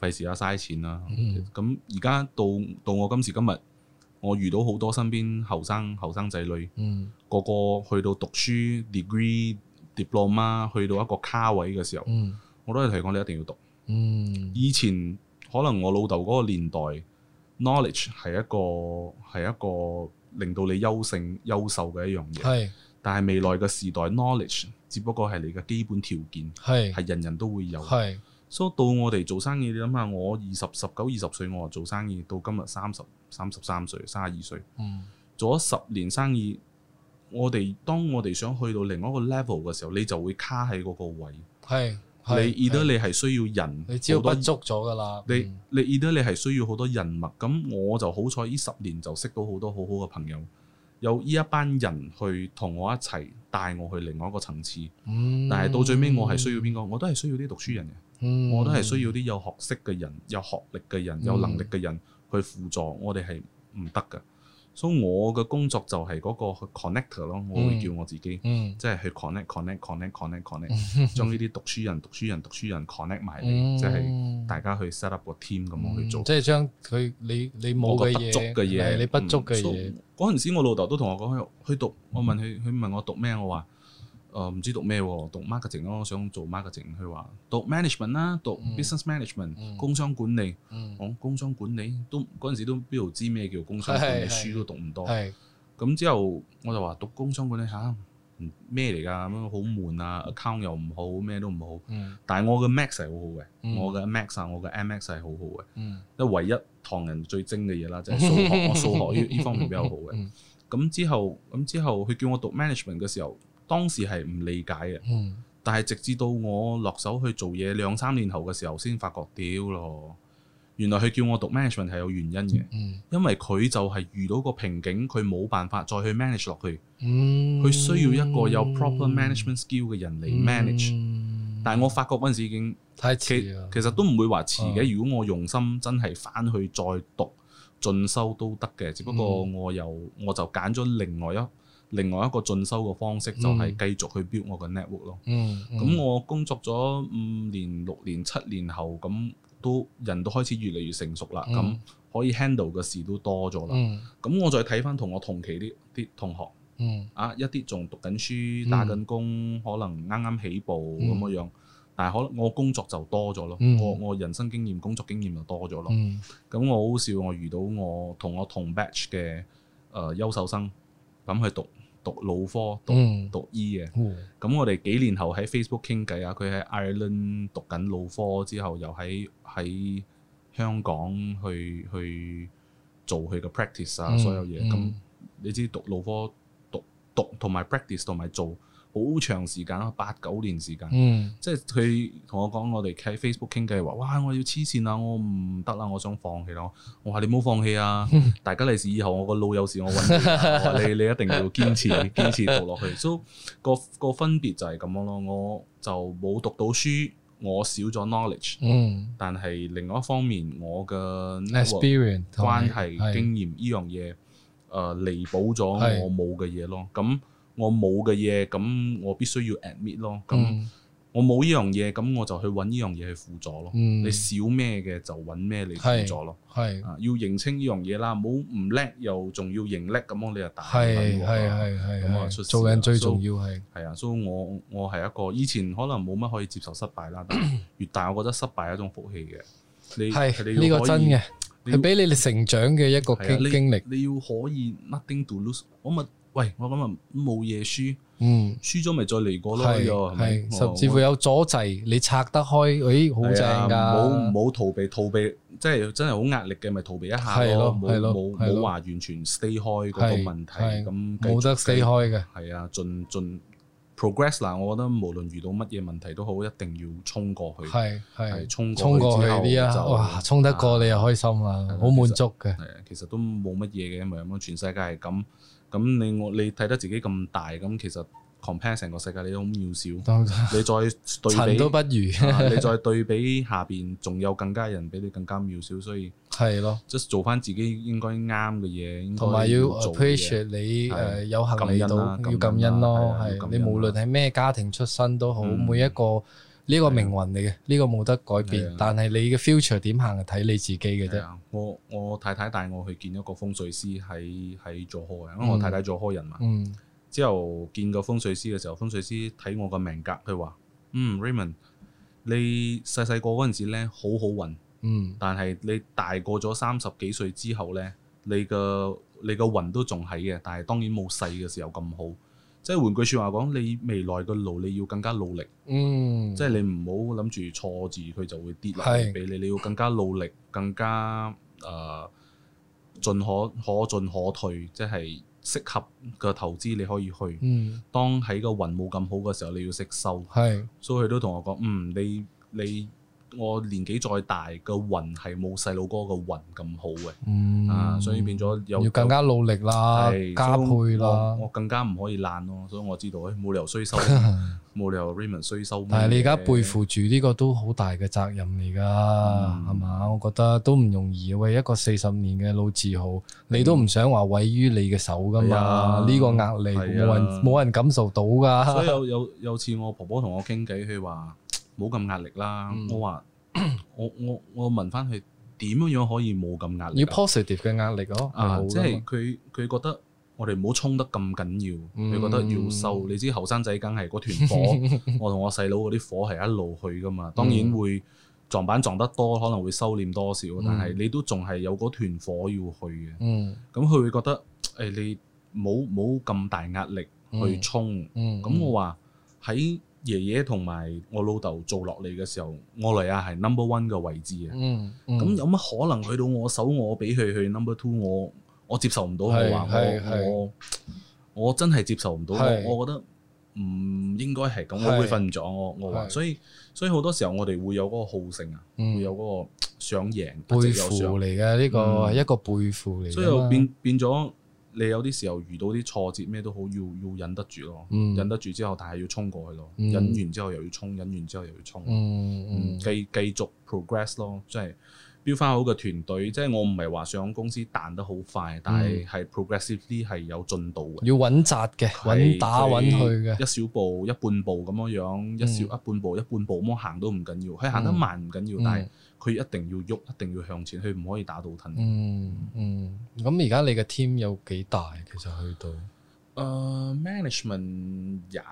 費事啊嘥錢啦。咁而家到到我今時今日。我遇到好多身邊後生後生仔女，個個去到讀書 degree diploma 去到一個卡位嘅時候，嗯、我都係提過你一定要讀。嗯、以前可能我老豆嗰個年代，knowledge 係一個係一個令到你優勝優秀嘅一樣嘢。是但係未來嘅時代，knowledge 只不過係你嘅基本條件，係是人人都會有。所以、so，到我哋做生意，你諗下，我二十十九二十歲我啊做生意，到今日三十。三十三歲，三十二歲，歲嗯、做咗十年生意。我哋當我哋想去到另外一個 level 嘅時候，你就會卡喺嗰個位。係，你而家你係需要人，你招不足咗㗎喇。你你而家你係需要好多人脈，咁我就好彩呢十年就識到很多很好多好好嘅朋友，有呢一班人去同我一齊帶我去另外一個層次。嗯、但係到最尾，我係需要邊個？嗯、我都係需要啲讀書人嘅，嗯、我都係需要啲有學識嘅人、有學歷嘅人、有能力嘅人。嗯去輔助我哋係唔得嘅，所以我嘅工作就係嗰個 connector、er, 咯、嗯，我會叫我自己，嗯、即係去 connect，connect，connect，connect，connect，將呢啲讀書人、讀書人、讀書人 connect 埋嚟，即係、嗯、大家去 set up 個 team 咁樣去做。嗯、即係將佢你你冇嘅嘢，足不你不足嘅嘢。嗰陣、嗯、時我老豆都同我講去去讀，嗯、我問佢佢問我讀咩，我話。誒唔、呃、知讀咩喎？讀 marketing 咯、哦，想做 marketing 佢話讀 management 啦，讀，Man 讀 business management、嗯、工商管理，講工商管理都嗰陣時都邊度知咩叫工商管理？書都讀唔多。咁是之後我就話讀工商管理嚇，咩嚟㗎？咁樣好悶啊，account 又唔好，咩都唔好。嗯、但係我嘅 max 係好好嘅，嗯、我嘅 max 啊，我嘅 mmax 係好好嘅。即係、嗯、唯一唐人最精嘅嘢啦，就係、是、數學， 我數學呢呢方面比較好嘅。咁 之後，咁之後佢叫我讀 management 嘅時候，當時係唔理解嘅，嗯、但係直至到我落手去做嘢兩三年後嘅時候，先發覺屌咯，原來佢叫我讀 management 係有原因嘅，嗯、因為佢就係遇到個瓶頸，佢冇辦法再去 manage 落去，佢、嗯、需要一個有 proper management skill 嘅人嚟 manage、嗯。嗯、但係我發覺嗰陣時已經太遲，其，其實都唔會話遲嘅。嗯、如果我用心真係返去再讀進修都得嘅，只不過我又我就揀咗另外一。另外一個進修嘅方式就係繼續去 build 我嘅 network 咯。咁、hmm. 嗯、我工作咗五年、六年、七年後，咁都人都開始越嚟越成熟啦。咁可以 handle 嘅事都多咗啦。咁、hmm. 嗯、我再睇翻同我同期啲啲同學，hmm. 啊一啲仲讀緊書、打緊工，可能啱啱起步咁樣。但係可能我工作就多咗咯。我我人生經驗、工作經驗就多咗咯。咁、hmm. 我好笑，我遇到我同我同 batch 嘅誒優秀生。咁去讀讀腦科，讀讀醫嘅。咁、嗯、我哋幾年後喺 Facebook 傾偈啊，佢喺 Ireland 讀緊腦科之後又，又喺喺香港去去做佢嘅 practice 啊，所有嘢。咁、嗯、你知讀腦科、讀讀同埋 practice 同埋做。好長時間咯，八九年時間，即係佢同我講，我哋喺 Facebook 傾偈，話：哇！我要黐線啦，我唔得啦，我想放棄啦。我話你唔好放棄啊！大家嚟時以後，我個腦有事，我揾你，你一定要堅持，堅持做落去。所以個分別就係咁樣咯。我就冇讀到書，我少咗 knowledge。嗯，但係另外一方面，我嘅 experience、關係、經驗呢樣嘢，誒彌補咗我冇嘅嘢咯。咁。我冇嘅嘢，咁我必須要 admit 咯。咁我冇呢樣嘢，咁我就去揾呢樣嘢去輔助咯。你少咩嘅就揾咩嚟輔助咯。係要認清呢樣嘢啦，冇唔叻又仲要認叻，咁樣你就打係係係係。做人最重要係係啊，所以我我係一個以前可能冇乜可以接受失敗啦。但越大我覺得失敗係一種福氣嘅。你係呢個真嘅，係俾你哋成長嘅一個經經歷。你要可以 nothing to lose，我咪。喂，我諗啊冇嘢輸，嗯，輸咗咪再嚟過咯，係，係，甚至乎有阻滯，你拆得開，哎，好正噶，冇冇逃避，逃避，即係真係好壓力嘅，咪逃避一下咯，冇冇冇話完全 stay 開嗰個問題，咁冇得 stay 開嘅，係啊，進進 progress 嗱，我覺得無論遇到乜嘢問題都好，一定要衝過去，係係，衝衝過去之後，哇，衝得過你又開心啦，好滿足嘅，係啊，其實都冇乜嘢嘅，咪咁咯，全世界係咁。咁你我你睇得自己咁大，咁其實 compare 成個世界，你都好渺小。當然然，你再對比，都不如 你再對比下邊，仲有更加人比你更加渺小，所以係咯，即係 做翻自己應該啱嘅嘢，同埋要 appreciate 你誒對有幸嚟到，感啊感啊、要感恩咯、啊。係對、啊、你無論係咩家庭出身都好，嗯、每一個。呢個命運嚟嘅，呢、這個冇得改變。Yeah. 但係你嘅 future 點行係睇你自己嘅啫。Yeah. 我我太太帶我去見一個風水師喺喺左開嘅，因為我太太做開人嘛。之、mm. 後見個風水師嘅時候，風水師睇我個命格，佢話：嗯、um, Raymond，你細細個嗰陣時呢好好運，嗯。Mm. 但係你大過咗三十幾歲之後呢，你個你個運都仲喺嘅，但係當然冇細嘅時候咁好。即係換句説話講，你未來個路你要更加努力。嗯，即係你唔好諗住挫折佢就會跌落嚟俾你，是你要更加努力，更加誒、呃，進可可進可退，即係適合嘅投資你可以去。嗯，當喺個運冇咁好嘅時候，你要識收。係是，所以佢都同我講，嗯，你你。我年紀再大弟弟，個運係冇細路哥個運咁好嘅，啊，所以變咗有要更加努力啦，對加倍啦，我更加唔可以懶咯，所以我知道咧，冇、哎、理由衰收，冇 理由 Raymond 衰收。但係你而家背負住呢個都好大嘅責任嚟噶，係嘛、嗯？我覺得都唔容易。喂，一個四十年嘅老字號，你都唔想話毀於你嘅手噶嘛？呢、嗯哎、呀個壓力冇人冇、哎、呀人感受到噶。所以有有有次我婆婆同我傾偈，佢話。冇咁壓力啦，嗯、我話我我我問翻佢點樣樣可以冇咁壓力、啊？要 positive 嘅壓力咯、哦，啊，即係佢佢覺得我哋唔好衝得咁緊要，佢、嗯、覺得要收。你知後生仔梗係嗰團火， 我同我細佬嗰啲火係一路去噶嘛。當然會撞板撞得多，可能會收斂多少，但係你都仲係有嗰團火要去嘅。咁佢、嗯、會覺得誒、哎，你冇冇咁大壓力去衝。咁、嗯嗯嗯、我話喺。爺爺同埋我老豆做落嚟嘅時候，我嚟啊係 number one 嘅位置嘅、嗯。嗯，咁有乜可能去到我手我，我俾佢去 number two，我我接受唔到是。我話我我真係接受唔到。我是我覺得唔應該係咁是，我會瞓咗我我話。所以所以好多時候我哋會有嗰個好勝啊，嗯、會有嗰個想贏想背負嚟嘅呢個、嗯、一個背負嚟。所以變變咗。變變你有啲時候遇到啲挫折，咩都好，要要忍得住咯。忍得住之後，但係要衝過去咯。忍完之後又要衝，忍完之後又要衝。嗯嗯，繼續 progress 咯，即係 build 翻好個團隊。即係我唔係話想公司彈得好快，但係係 progressively 係有進度嘅。要穩紮嘅，穩打穩去嘅。一小步、一半步咁樣樣，一小一半步、一半步咁行都唔緊要，佢行得慢唔緊要，但係。佢一定要喐，一定要向前去，唔可以打倒騰。嗯。嗯嗯，咁而家你嘅 team 有幾大？其實去到，誒、uh, management 廿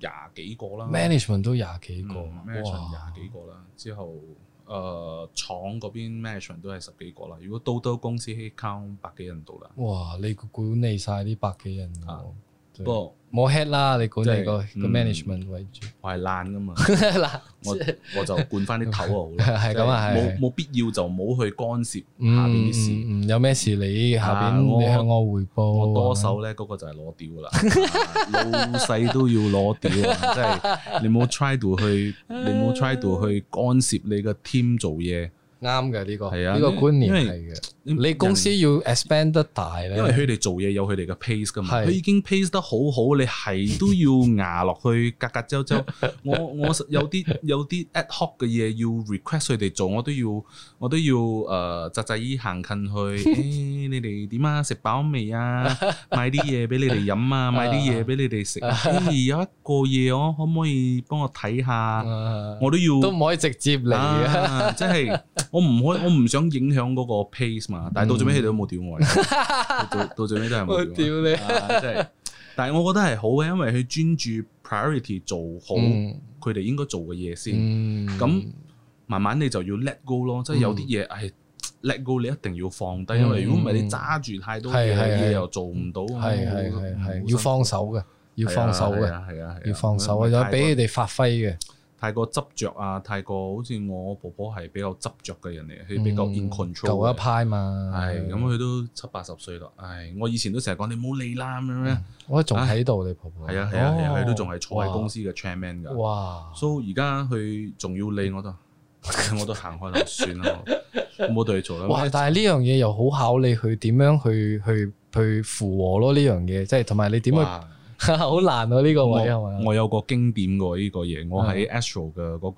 廿幾個啦。management 都廿幾個、嗯，management 廿幾哇個啦。之後誒、uh, 廠嗰邊 management 都係十幾個啦。如果到到公司 account 百幾人度啦。哇！你管理晒啲百幾人，啊。啊。不過冇 head 啦，你估你個個 management 為主，我係懶噶嘛。我我 就灌翻啲頭好啦。係咁啊，係冇冇必要就冇去干涉下邊啲事。嗯嗯、有咩事下、啊、你下邊，向我匯報。我多手咧，嗰、啊、個就係攞屌啦。老細都要攞屌，即係 你冇 try 到去，你冇 try 到去干涉你個 team 做嘢。啱嘅呢個，呢個觀念係嘅。你公司要 expand 得大咧，因為佢哋做嘢有佢哋嘅 pace 噶嘛。佢已經 pace 得好好，你係都要牙落去格格周周。我我有啲有啲 ad hoc 嘅嘢要 request 佢哋做，我都要我都要誒，扎扎依行近去。誒，你哋點啊？食飽未啊？買啲嘢俾你哋飲啊！買啲嘢俾你哋食。有一個嘢我可唔可以幫我睇下？我都要都唔可以直接嚟啊！即係。我唔可以，我唔想影響嗰個 pace 嘛。但係到最尾佢哋都冇屌我。到到最尾都係冇屌你。真係，但係我覺得係好嘅，因為佢專注 priority 做好佢哋應該做嘅嘢先。咁慢慢你就要 let go 咯，即係有啲嘢，哎，let go 你一定要放低，因為如果唔係你揸住太多嘢，又做唔到。係係係，要放手嘅，要放手嘅，係啊，要放手啊，又俾佢哋發揮嘅。太過執着啊！太過好似我婆婆係比較執着嘅人嚟，佢比較 in control。舊一派嘛，係咁佢都七八十歲咯。唉，我以前都成日講你冇理啦咁樣咩？我仲喺度，你婆婆係啊係啊係啊，佢都仲係坐喺公司嘅 chairman 㗎。哇！so 而家佢仲要理我都，我都行開就算啦，冇對你做啦。但係呢樣嘢又好考你去點樣去去去符合咯呢樣嘢，即係同埋你點樣去。好難啊！呢 個位我我有個經典嘅呢個嘢，的我喺 Astro 嘅嗰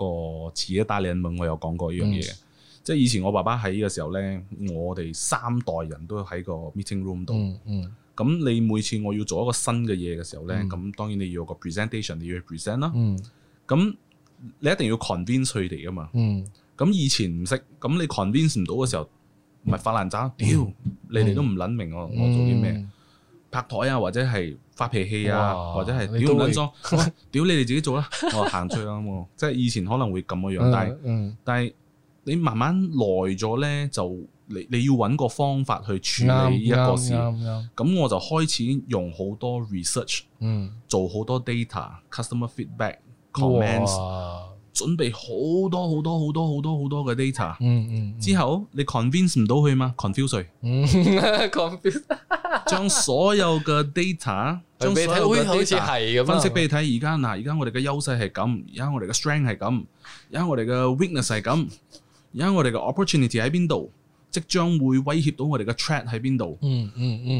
個前一打領文，我有講過呢樣嘢。即係以前我爸爸喺嘅時候呢，我哋三代人都喺個 meeting room 度。嗯，咁你每次我要做一個新嘅嘢嘅時候呢，咁、嗯、當然你要有個 presentation，你要去 present 啦、啊。嗯，咁你一定要 convince 佢哋噶嘛。嗯，咁以前唔識，咁你 convince 唔到嘅時候，唔係發爛渣屌你哋都唔撚明我我做啲咩。拍台啊，或者係發脾氣啊，哇或者係屌卵髒，屌你哋 自己做啦！我行出啦、啊，即係 以前可能會咁嘅樣，嗯、但係但係你慢慢耐咗咧，就你你要揾個方法去處理呢一個事。啱咁、嗯嗯嗯、我就開始用好多 research，、嗯、做好多 data，customer feedback comments。準備好多好多好多好多好多嘅 data，、嗯嗯嗯、之後你 convince 唔到佢嘛，confuse 佢。將所有嘅 data，data 分析俾你睇。而家嗱，而家我哋嘅優勢係咁，而家我哋嘅 strength 係咁，而家 我哋嘅 weakness 係咁，而家我哋嘅 opportunity 喺邊度？即將會威脅到我哋嘅 track 喺邊度？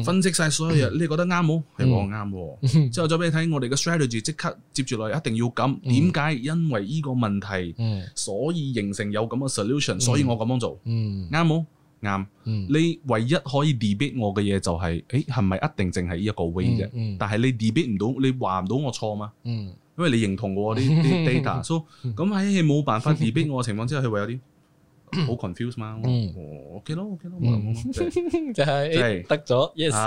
分析晒所有嘢，你覺得啱冇？係我啱。之後再俾你睇我哋嘅 strategy，即刻接住落嚟，一定要咁。點解？因為呢個問題，所以形成有咁嘅 solution，所以我咁樣做。啱冇？啱。你唯一可以 debate 我嘅嘢就係，誒係咪一定淨係呢一個 way 啫？但係你 debate 唔到，你話唔到我錯嘛？因為你認同我啲 data，所以咁喺冇辦法 debate 我嘅情況之下，佢會有啲。好 confused 嘛？我嗯、哦，OK 咯，OK 咯，就係得咗，yes。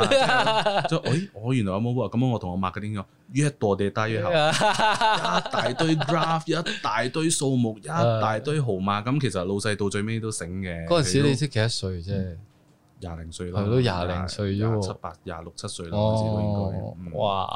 就誒、是，我原來有冇喎？咁、嗯、我同我媽嗰啲嘢，一墮地低，一後，一大堆 g r a p h 一大堆數目，一大堆號碼。咁其實老細到最尾都醒嘅。嗰陣 時你識幾多歲啫？廿零歲咯 you know, oh, wow，都廿零歲，廿七八，廿六七歲啦，應該。哇！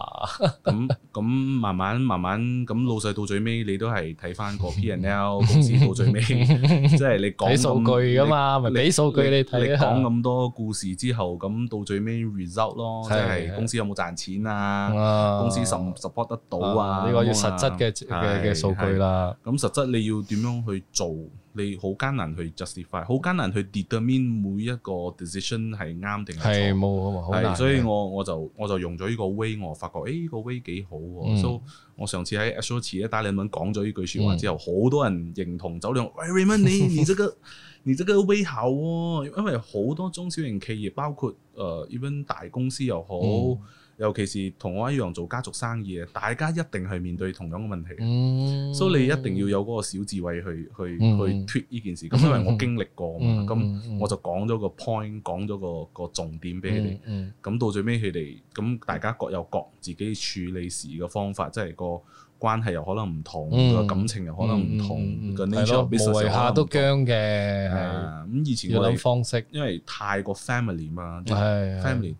咁咁慢慢慢慢，咁老細到最尾，你都係睇翻個 P and L 公司到最尾，即、就、係、是、你講、這個。睇數據噶嘛，咪睇數據你睇啊！你你你講咁多故事之後，咁到最尾 result 咯，即、就、係、是、公司有冇賺錢啊？公司 support 得到啊？呢、yeah, 啊、個要實質嘅嘅嘅數據啦。咁實質你要點樣去做？你好艱難去 justify，好艱難去 determine 每一個 decision 係啱定係錯，係冇，好難。所以我我就我就用咗呢個 way，我發覺呢、哎這個 way 幾好、啊，所以、嗯，so, 我上次喺 SHS 咧，Daniel 講咗呢句説話之後，好、嗯、多人認同，走嚟喂，Raymond，你你這個 你這個 way 好、啊，因為好多中小型企業，包括 even、呃、大公司又好。嗯尤其是同我一樣做家族生意嘅，大家一定係面對同樣嘅問題，所以你一定要有嗰個小智慧去去去脫呢件事。咁因為我經歷過嘛，咁我就講咗個 point，講咗個個重點俾佢哋。咁到最尾佢哋咁大家各有各自己處理事嘅方法，即係個關係又可能唔同，個感情又可能唔同。咁個 nature 下都僵嘅，係啊。咁以前我諗方式，因為太過 family 嘛，family。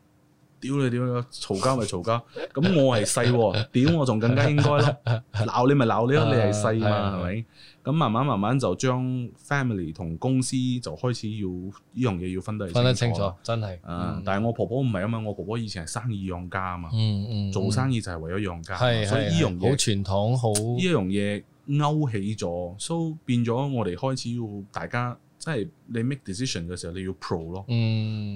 屌你屌你，嘈交咪嘈交，咁我係細，屌我仲更加應該咯，鬧你咪鬧你咯，你係細嘛，係咪？咁慢慢慢慢就將 family 同公司就開始要呢樣嘢要分得清分得清楚，真係。啊！但係我婆婆唔係啊嘛，我婆婆以前係生意養家啊嘛，嗯嗯，做生意就係為咗養家，所以呢樣嘢好傳統好。呢樣嘢勾起咗，所以變咗我哋開始要大家。即係你 make decision 嘅時候，你要 pro 咯，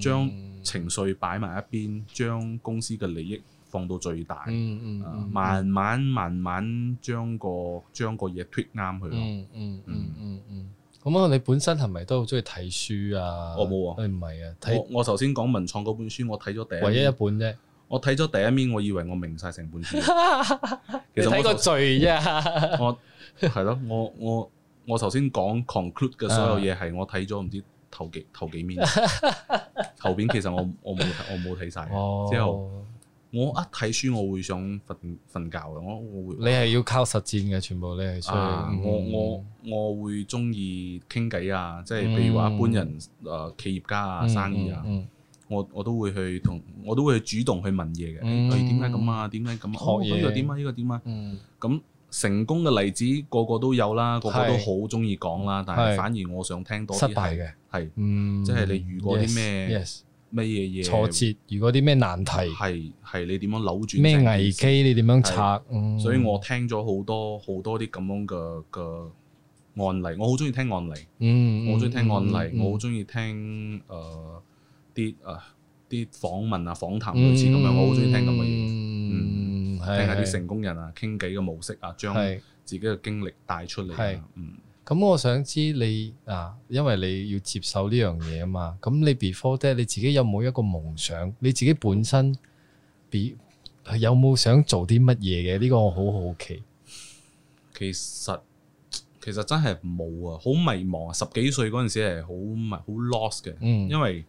將情緒擺埋一邊，將公司嘅利益放到最大，嗯嗯嗯、慢慢慢慢將個將個嘢 tweak 啱佢咯。嗯嗯嗯嗯嗯。咁啊、嗯，你本身係咪都好中意睇書啊？我冇喎，唔係啊。哎、啊我我頭先講文創嗰本書，我睇咗第一，唯一一本啫。我睇咗第一面，我以為我明晒成本書。 其實 你睇個序啫。我係咯，我我。我我我頭先講 conclude 嘅所有嘢係我睇咗唔知頭幾頭幾 面，後邊其實我我冇我冇睇晒。哦、之後我一睇書我會想瞓瞓覺嘅，我我會。你係要靠實戰嘅，全部你係需要。我我我會中意傾偈啊，即係譬如話一般人誒、呃、企業家啊、生意啊，嗯嗯嗯我我都會去同我都會去主動去問嘢嘅，誒點解咁啊？點解咁學嘢又點啊？呢可惡、呢個點啊？咁、嗯。成功嘅例子個個都有啦，個個都好中意講啦，但係反而我想聽多啲失敗嘅，係，即係你遇過啲咩咩嘢嘢，挫折，遇過啲咩難題，係係你點樣扭轉，咩危機你點樣拆，所以我聽咗好多好多啲咁樣嘅嘅案例，我好中意聽案例，我好中意聽案例，我好中意聽誒啲誒啲訪問啊訪談類似咁樣，我好中意聽咁嘅嘢。定下啲成功人啊，傾偈嘅模式啊，將自己嘅經歷帶出嚟。咁是、嗯、我想知你啊，因為你要接受呢樣嘢啊嘛，咁 你 before t a t 你自己有冇一個夢想？你自己本身，有冇想做啲乜嘢嘅？呢、這個我好好奇。其實其實真係冇啊，好迷茫啊，十幾歲嗰陣時係好迷，好 lost 嘅，嗯、因為。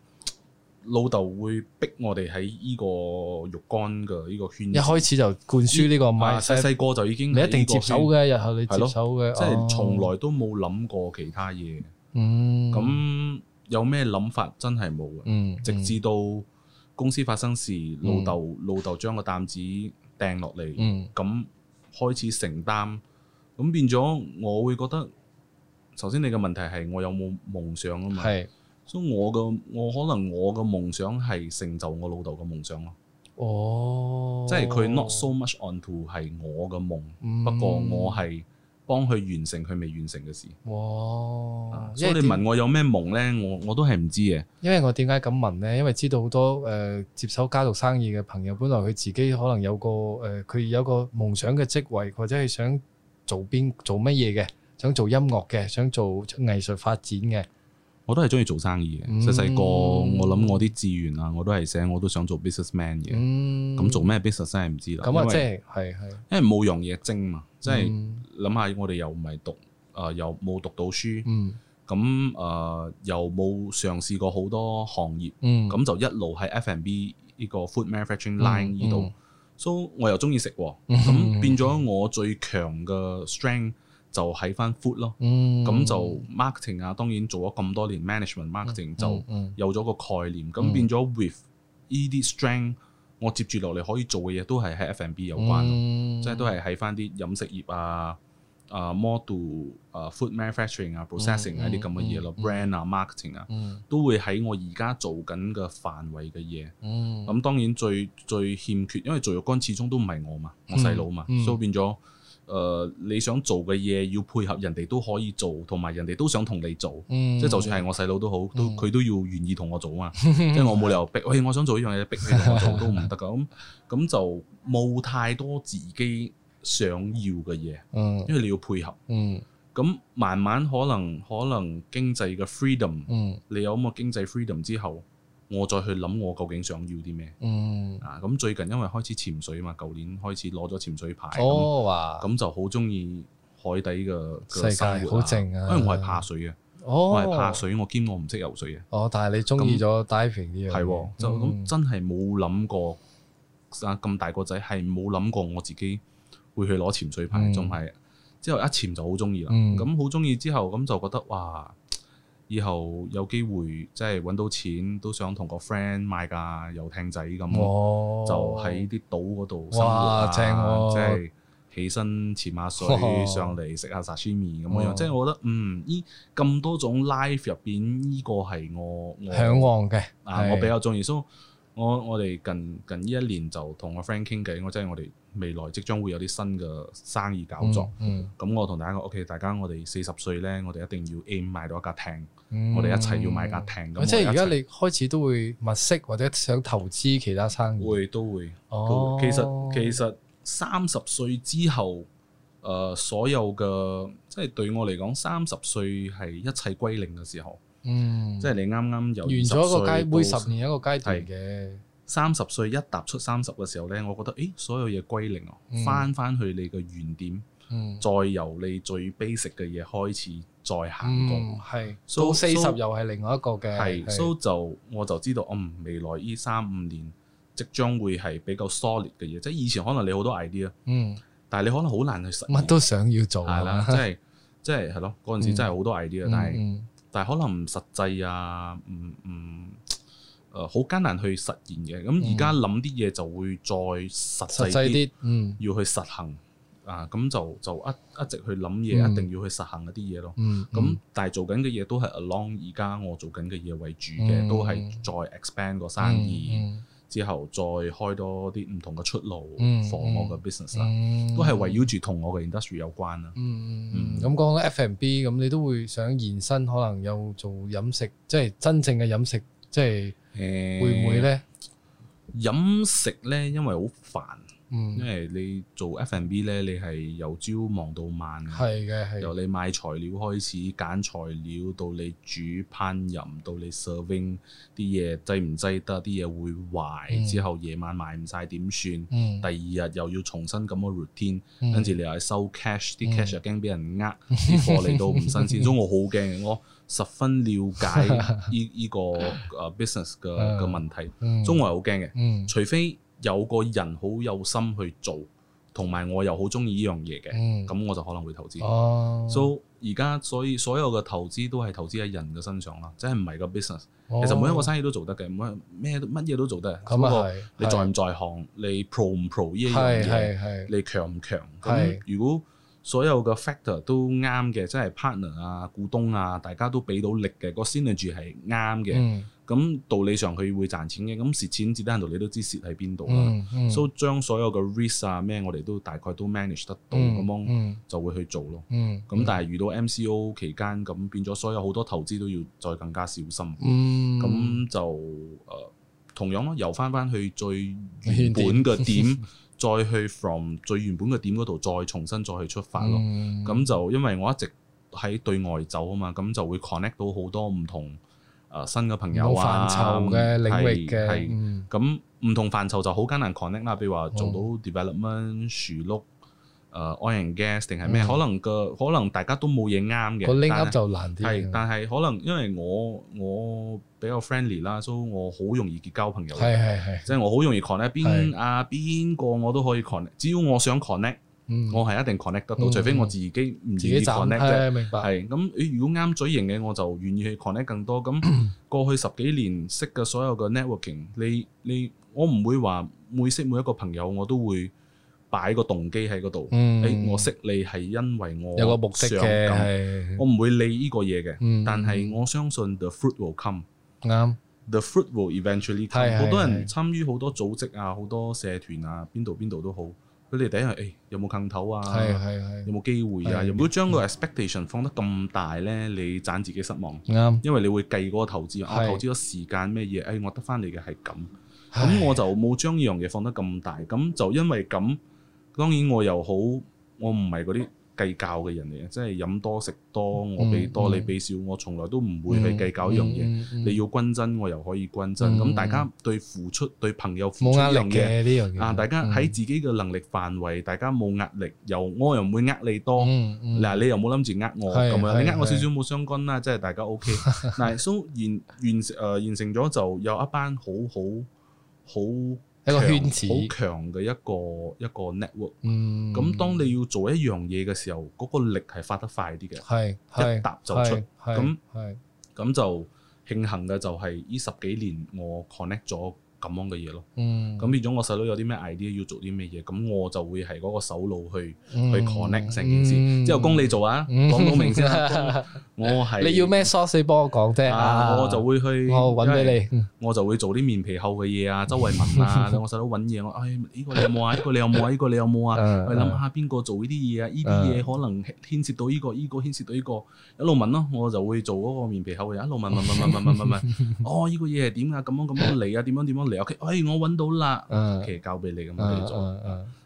老豆會逼我哋喺呢個浴缸嘅呢個圈子，一開始就灌輸呢個 self,、啊，細細個就已經你一定接手嘅日後你接手嘅，咯即係從來都冇諗過其他嘢。嗯，咁有咩諗法真係冇嘅。嗯、直至到公司發生事，老豆老豆將個擔子掟落嚟，嗯，咁、嗯、開始承擔，咁變咗我會覺得，首先你嘅問題係我有冇夢想啊嘛？係。所以、so, 我嘅我可能我嘅夢想係成就我老豆嘅夢想咯。哦，即係佢 not so much onto 係我嘅夢，嗯、不過我係幫佢完成佢未完成嘅事。哇！所以你問我有咩夢呢？我我都係唔知嘅。因為我點解咁問呢？因為知道好多誒、呃，接手家族生意嘅朋友，本來佢自己可能有個誒，佢、呃、有個夢想嘅職位，或者係想做邊做乜嘢嘅，想做音樂嘅，想做藝術發展嘅。我都係中意做生意嘅，細細個我諗我啲志願啊，我都係寫我都想做 businessman 嘅，咁、嗯、做咩 business 真係唔知啦。咁啊、就是，即係係係，因為冇樣嘢精嘛，即係諗下我哋又唔係讀啊、呃，又冇讀到書，咁啊、嗯呃、又冇嘗試過好多行業，咁、嗯、就一路喺 F&B 呢個 food manufacturing line 呢度，所以我又中意食，咁變咗我最強嘅 strength。就喺翻 food 咯，咁就 marketing 啊，當然做咗咁多年 management marketing 就有咗個概念，咁變咗 with 依啲 strength，我接住落嚟可以做嘅嘢都係喺 F&B 有關，即係都係喺翻啲飲食業啊、啊 model 啊、food manufacturing 啊、processing 啊啲咁嘅嘢咯，brand 啊、marketing 啊，都會喺我而家做緊嘅範圍嘅嘢。咁當然最最欠缺，因為做肉乾始終都唔係我嘛，我細佬嘛，所以變咗。誒、呃，你想做嘅嘢要配合人哋都可以做，同埋人哋都想同你做，嗯、即係就算係我細佬都好，都佢、嗯、都要願意同我做啊嘛！ 即係我冇理由逼，欸、我想做呢樣嘢，逼佢同我做都唔得噶。咁咁 就冇太多自己想要嘅嘢，嗯、因為你要配合。咁、嗯、慢慢可能可能經濟嘅 freedom，嗯、你有咁嘅經濟 freedom 之後。我再去諗我究竟想要啲咩？嗯，啊，咁最近因為開始潛水啊嘛，舊年開始攞咗潛水牌，咁、哦、就好中意海底嘅生活。好靜啊！哎、哦，我係怕水嘅，我係怕水，我兼我唔識游水嘅。哦，但係你中意咗 diving 啲嘢樣，係、嗯啊、就咁真係冇諗過，啊咁大個仔係冇諗過我自己會去攞潛水牌，仲係之後一潛就好中意啦。嗯，咁好中意之後咁就覺得哇！以後有機會即係揾到錢，都想同個 friend 買架遊艇仔咁，哦、就喺啲島嗰度生活、啊哇正啊、即係起身潛下水，哦、上嚟食下壽司麵咁樣。即係我覺得嗯，呢咁多種 life 入邊，呢、這個係我，我向往嘅。啊，我比較中意。所以是、so, 我我哋近近呢一年就同個 friend 傾偈，我真係我哋，未來即將會有啲新嘅生意搞作，咁、嗯嗯、我同大家講，OK，大家我哋四十歲呢，我哋一定要 aim 買到一架艇，嗯、我哋一齊要買架艇。嗯、即係而家你開始都會物色或者想投資其他生意。會都會、哦、都會，其實其實三十歲之後，誒、呃，所有嘅即係對我嚟講，三十歲係一切歸零嘅時候。嗯，即係你啱啱有完咗一個階每十年一個階段嘅。三十歲一踏出三十嘅時候呢，我覺得誒，所有嘢歸零哦，翻翻去你個原點，再由你最 basic 嘅嘢開始再行過，係到四十又係另外一個嘅，係，就我就知道，嗯，未來呢三五年即將會係比較 solid 嘅嘢，即係以前可能你好多 idea，但係你可能好難去實，乜都想要做係啦，即係即係係咯，嗰陣時真係好多 idea，但係但係可能唔實際啊，唔唔。誒好艱難去實現嘅，咁而家諗啲嘢就會再實際啲，要去實行啊！咁就就一一直去諗嘢，一定要去實行嗰啲嘢咯。咁但係做緊嘅嘢都係 along 而家我做緊嘅嘢為主嘅，都係再 expand 個生意之後再開多啲唔同嘅出路 for 我嘅 business 都係圍繞住同我嘅 industry 有關啦。嗯，咁講緊 F&B，咁你都會想延伸，可能有做飲食，即係真正嘅飲食。即係會唔會呢？飲食呢，因為好煩。嗯、因為你做 F&B 呢，你係由朝忙到晚。由你買材料開始，揀材料到你煮烹飪，到你 serving 啲嘢，制唔制得？啲嘢會壞之後，夜晚賣唔晒點算？第二日又要重新咁個 routine，跟住、嗯、你又係收 cash，啲、嗯嗯、cash 又驚俾人呃，啲貨嚟到唔新鮮， 所以我好驚我。十分了解呢呢個誒 business 嘅嘅問題，中我係好驚嘅。除、嗯、非有個人好有心去做，同埋我又好中意呢樣嘢嘅，咁、嗯、我就可能會投資。哦、so, 所以而家所以所有嘅投資都係投資喺人嘅身上啦，即係唔係個 business。其實每一個生意都做得嘅，咩咩乜嘢都做得，哦嗯、不過你在唔在行，嗯、你 pro 唔 pro 呢樣嘢，你強唔強？咁如果所有嘅 factor 都啱嘅，即係 partner 啊、股東啊，大家都俾到力嘅，個 synergy 係啱嘅。咁、嗯、道理上佢會賺錢嘅。咁蝕錢至得度，你都知蝕喺邊度啦。嗯嗯、所以將所有嘅 risk 啊咩，我哋都大概都 manage 得到咁樣，嗯嗯、就會去做咯。咁、嗯嗯、但係遇到 MCO 期間，咁變咗所有好多投資都要再更加小心。咁、嗯、就誒、呃，同樣咯，由翻翻去最原本嘅點。嗯嗯嗯嗯再去 from 最原本嘅點度再重新再去出發咯，咁、嗯、就因為我一直喺對外走啊嘛，咁就會 connect 到好多唔同啊、呃、新嘅朋友啊範疇嘅領域嘅，咁唔同範疇就好艱難 connect 啦。譬如話做到 development 好樹碌。誒，on and guess 定係咩？可能個可能大家都冇嘢啱嘅，就難啲。係，但係可能因為我我比較 friendly 啦，所以我好容易結交朋友。即係我好容易 connect 邊啊邊個，我都可以 connect。只要我想 connect，我係一定 connect 得到，除非我自己唔自己 connect 啫。明白。係咁，你如果啱嘴型嘅，我就願意去 connect 更多。咁過去十幾年識嘅所有嘅 networking，你你我唔會話每識每一個朋友，我都會。擺個動機喺嗰度，誒，我識你係因為我有個目的嘅，我唔會理呢個嘢嘅。但係我相信 the fruit will come，啱。the fruit will eventually come。好多人參與好多組織啊，好多社團啊，邊度邊度都好。佢哋第一，誒，有冇頭啊？係係有冇機會啊？如果將個 expectation 放得咁大咧，你盞自己失望。啱。因為你會計嗰個投資，我投資咗時間咩嘢，誒，我得翻嚟嘅係咁，咁我就冇將呢樣嘢放得咁大。咁就因為咁。當然我又好，我唔係嗰啲計較嘅人嚟嘅，即係飲多食多，我俾多你俾少，我從來都唔會去計較一樣嘢。你要均真，我又可以均真。咁大家對付出對朋友負責任嘅呢樣嘢。啊，大家喺自己嘅能力範圍，大家冇壓力。又我又唔會呃你多，嗱你又冇諗住呃我咁啊，你呃我少少冇相干啦，即係大家 OK。嗱，So 完完誒完成咗就有一班好好好。一個圈子好強嘅一個一個 network，嗯，咁當你要做一樣嘢嘅時候，嗰個力係發得快啲嘅，係是一搭就出，咁咁那就慶幸嘅就係呢十幾年我 connect 咗。咁樣嘅嘢咯，咁變咗我細佬有啲咩 idea 要做啲咩嘢，咁我就會係嗰個手路去去 connect 成件事，之後供你做啊，講到明先我係你要咩 source 你幫我講啫，我就會去我揾俾你，我就會做啲面皮厚嘅嘢啊，周圍問啊，我細佬揾嘢我，哎，呢個你有冇啊？呢個你有冇啊？呢個你有冇啊？我諗下邊個做呢啲嘢啊？呢啲嘢可能牽涉到呢個，呢個牽涉到呢個，一路問咯，我就會做嗰個面皮厚嘅人，一路問問問問問問問，哦，呢個嘢係點啊？咁樣咁樣嚟啊？點樣點樣 OK，哎，我揾到啦，其實交俾你咁樣做，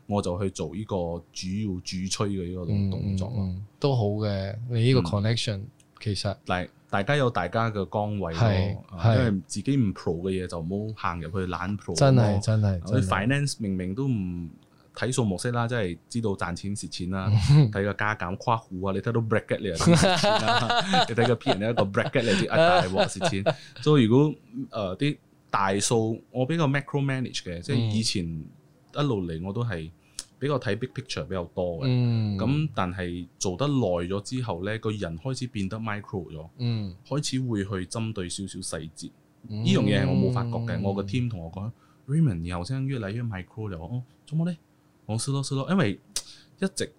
我就去做呢個主要主催嘅呢個動動作咯，都好嘅。你呢個 connection 其實大大家有大家嘅崗位咯，因為自己唔 pro 嘅嘢，就唔好行入去懶 pro。真係真係，所以 finance 明明都唔睇數模式啦，即係知道賺錢蝕錢啦，睇個加減跨戶啊，你睇到 bracket 你啊，你睇個 P，你一個 bracket 你啲啊，大鑊蝕錢。所以如果誒啲。大數我比較 macro manage 嘅，即係以前一路嚟我都係比較睇 big picture 比較多嘅。咁、嗯、但係做得耐咗之後呢，個人開始變得 micro 咗，嗯、開始會去針對少少細節。呢樣嘢我冇發覺嘅。我個 team 同我講，Raymond，然後生越來越 micro 了。我 oh，做乜呢？我思咯思咯，因為一直，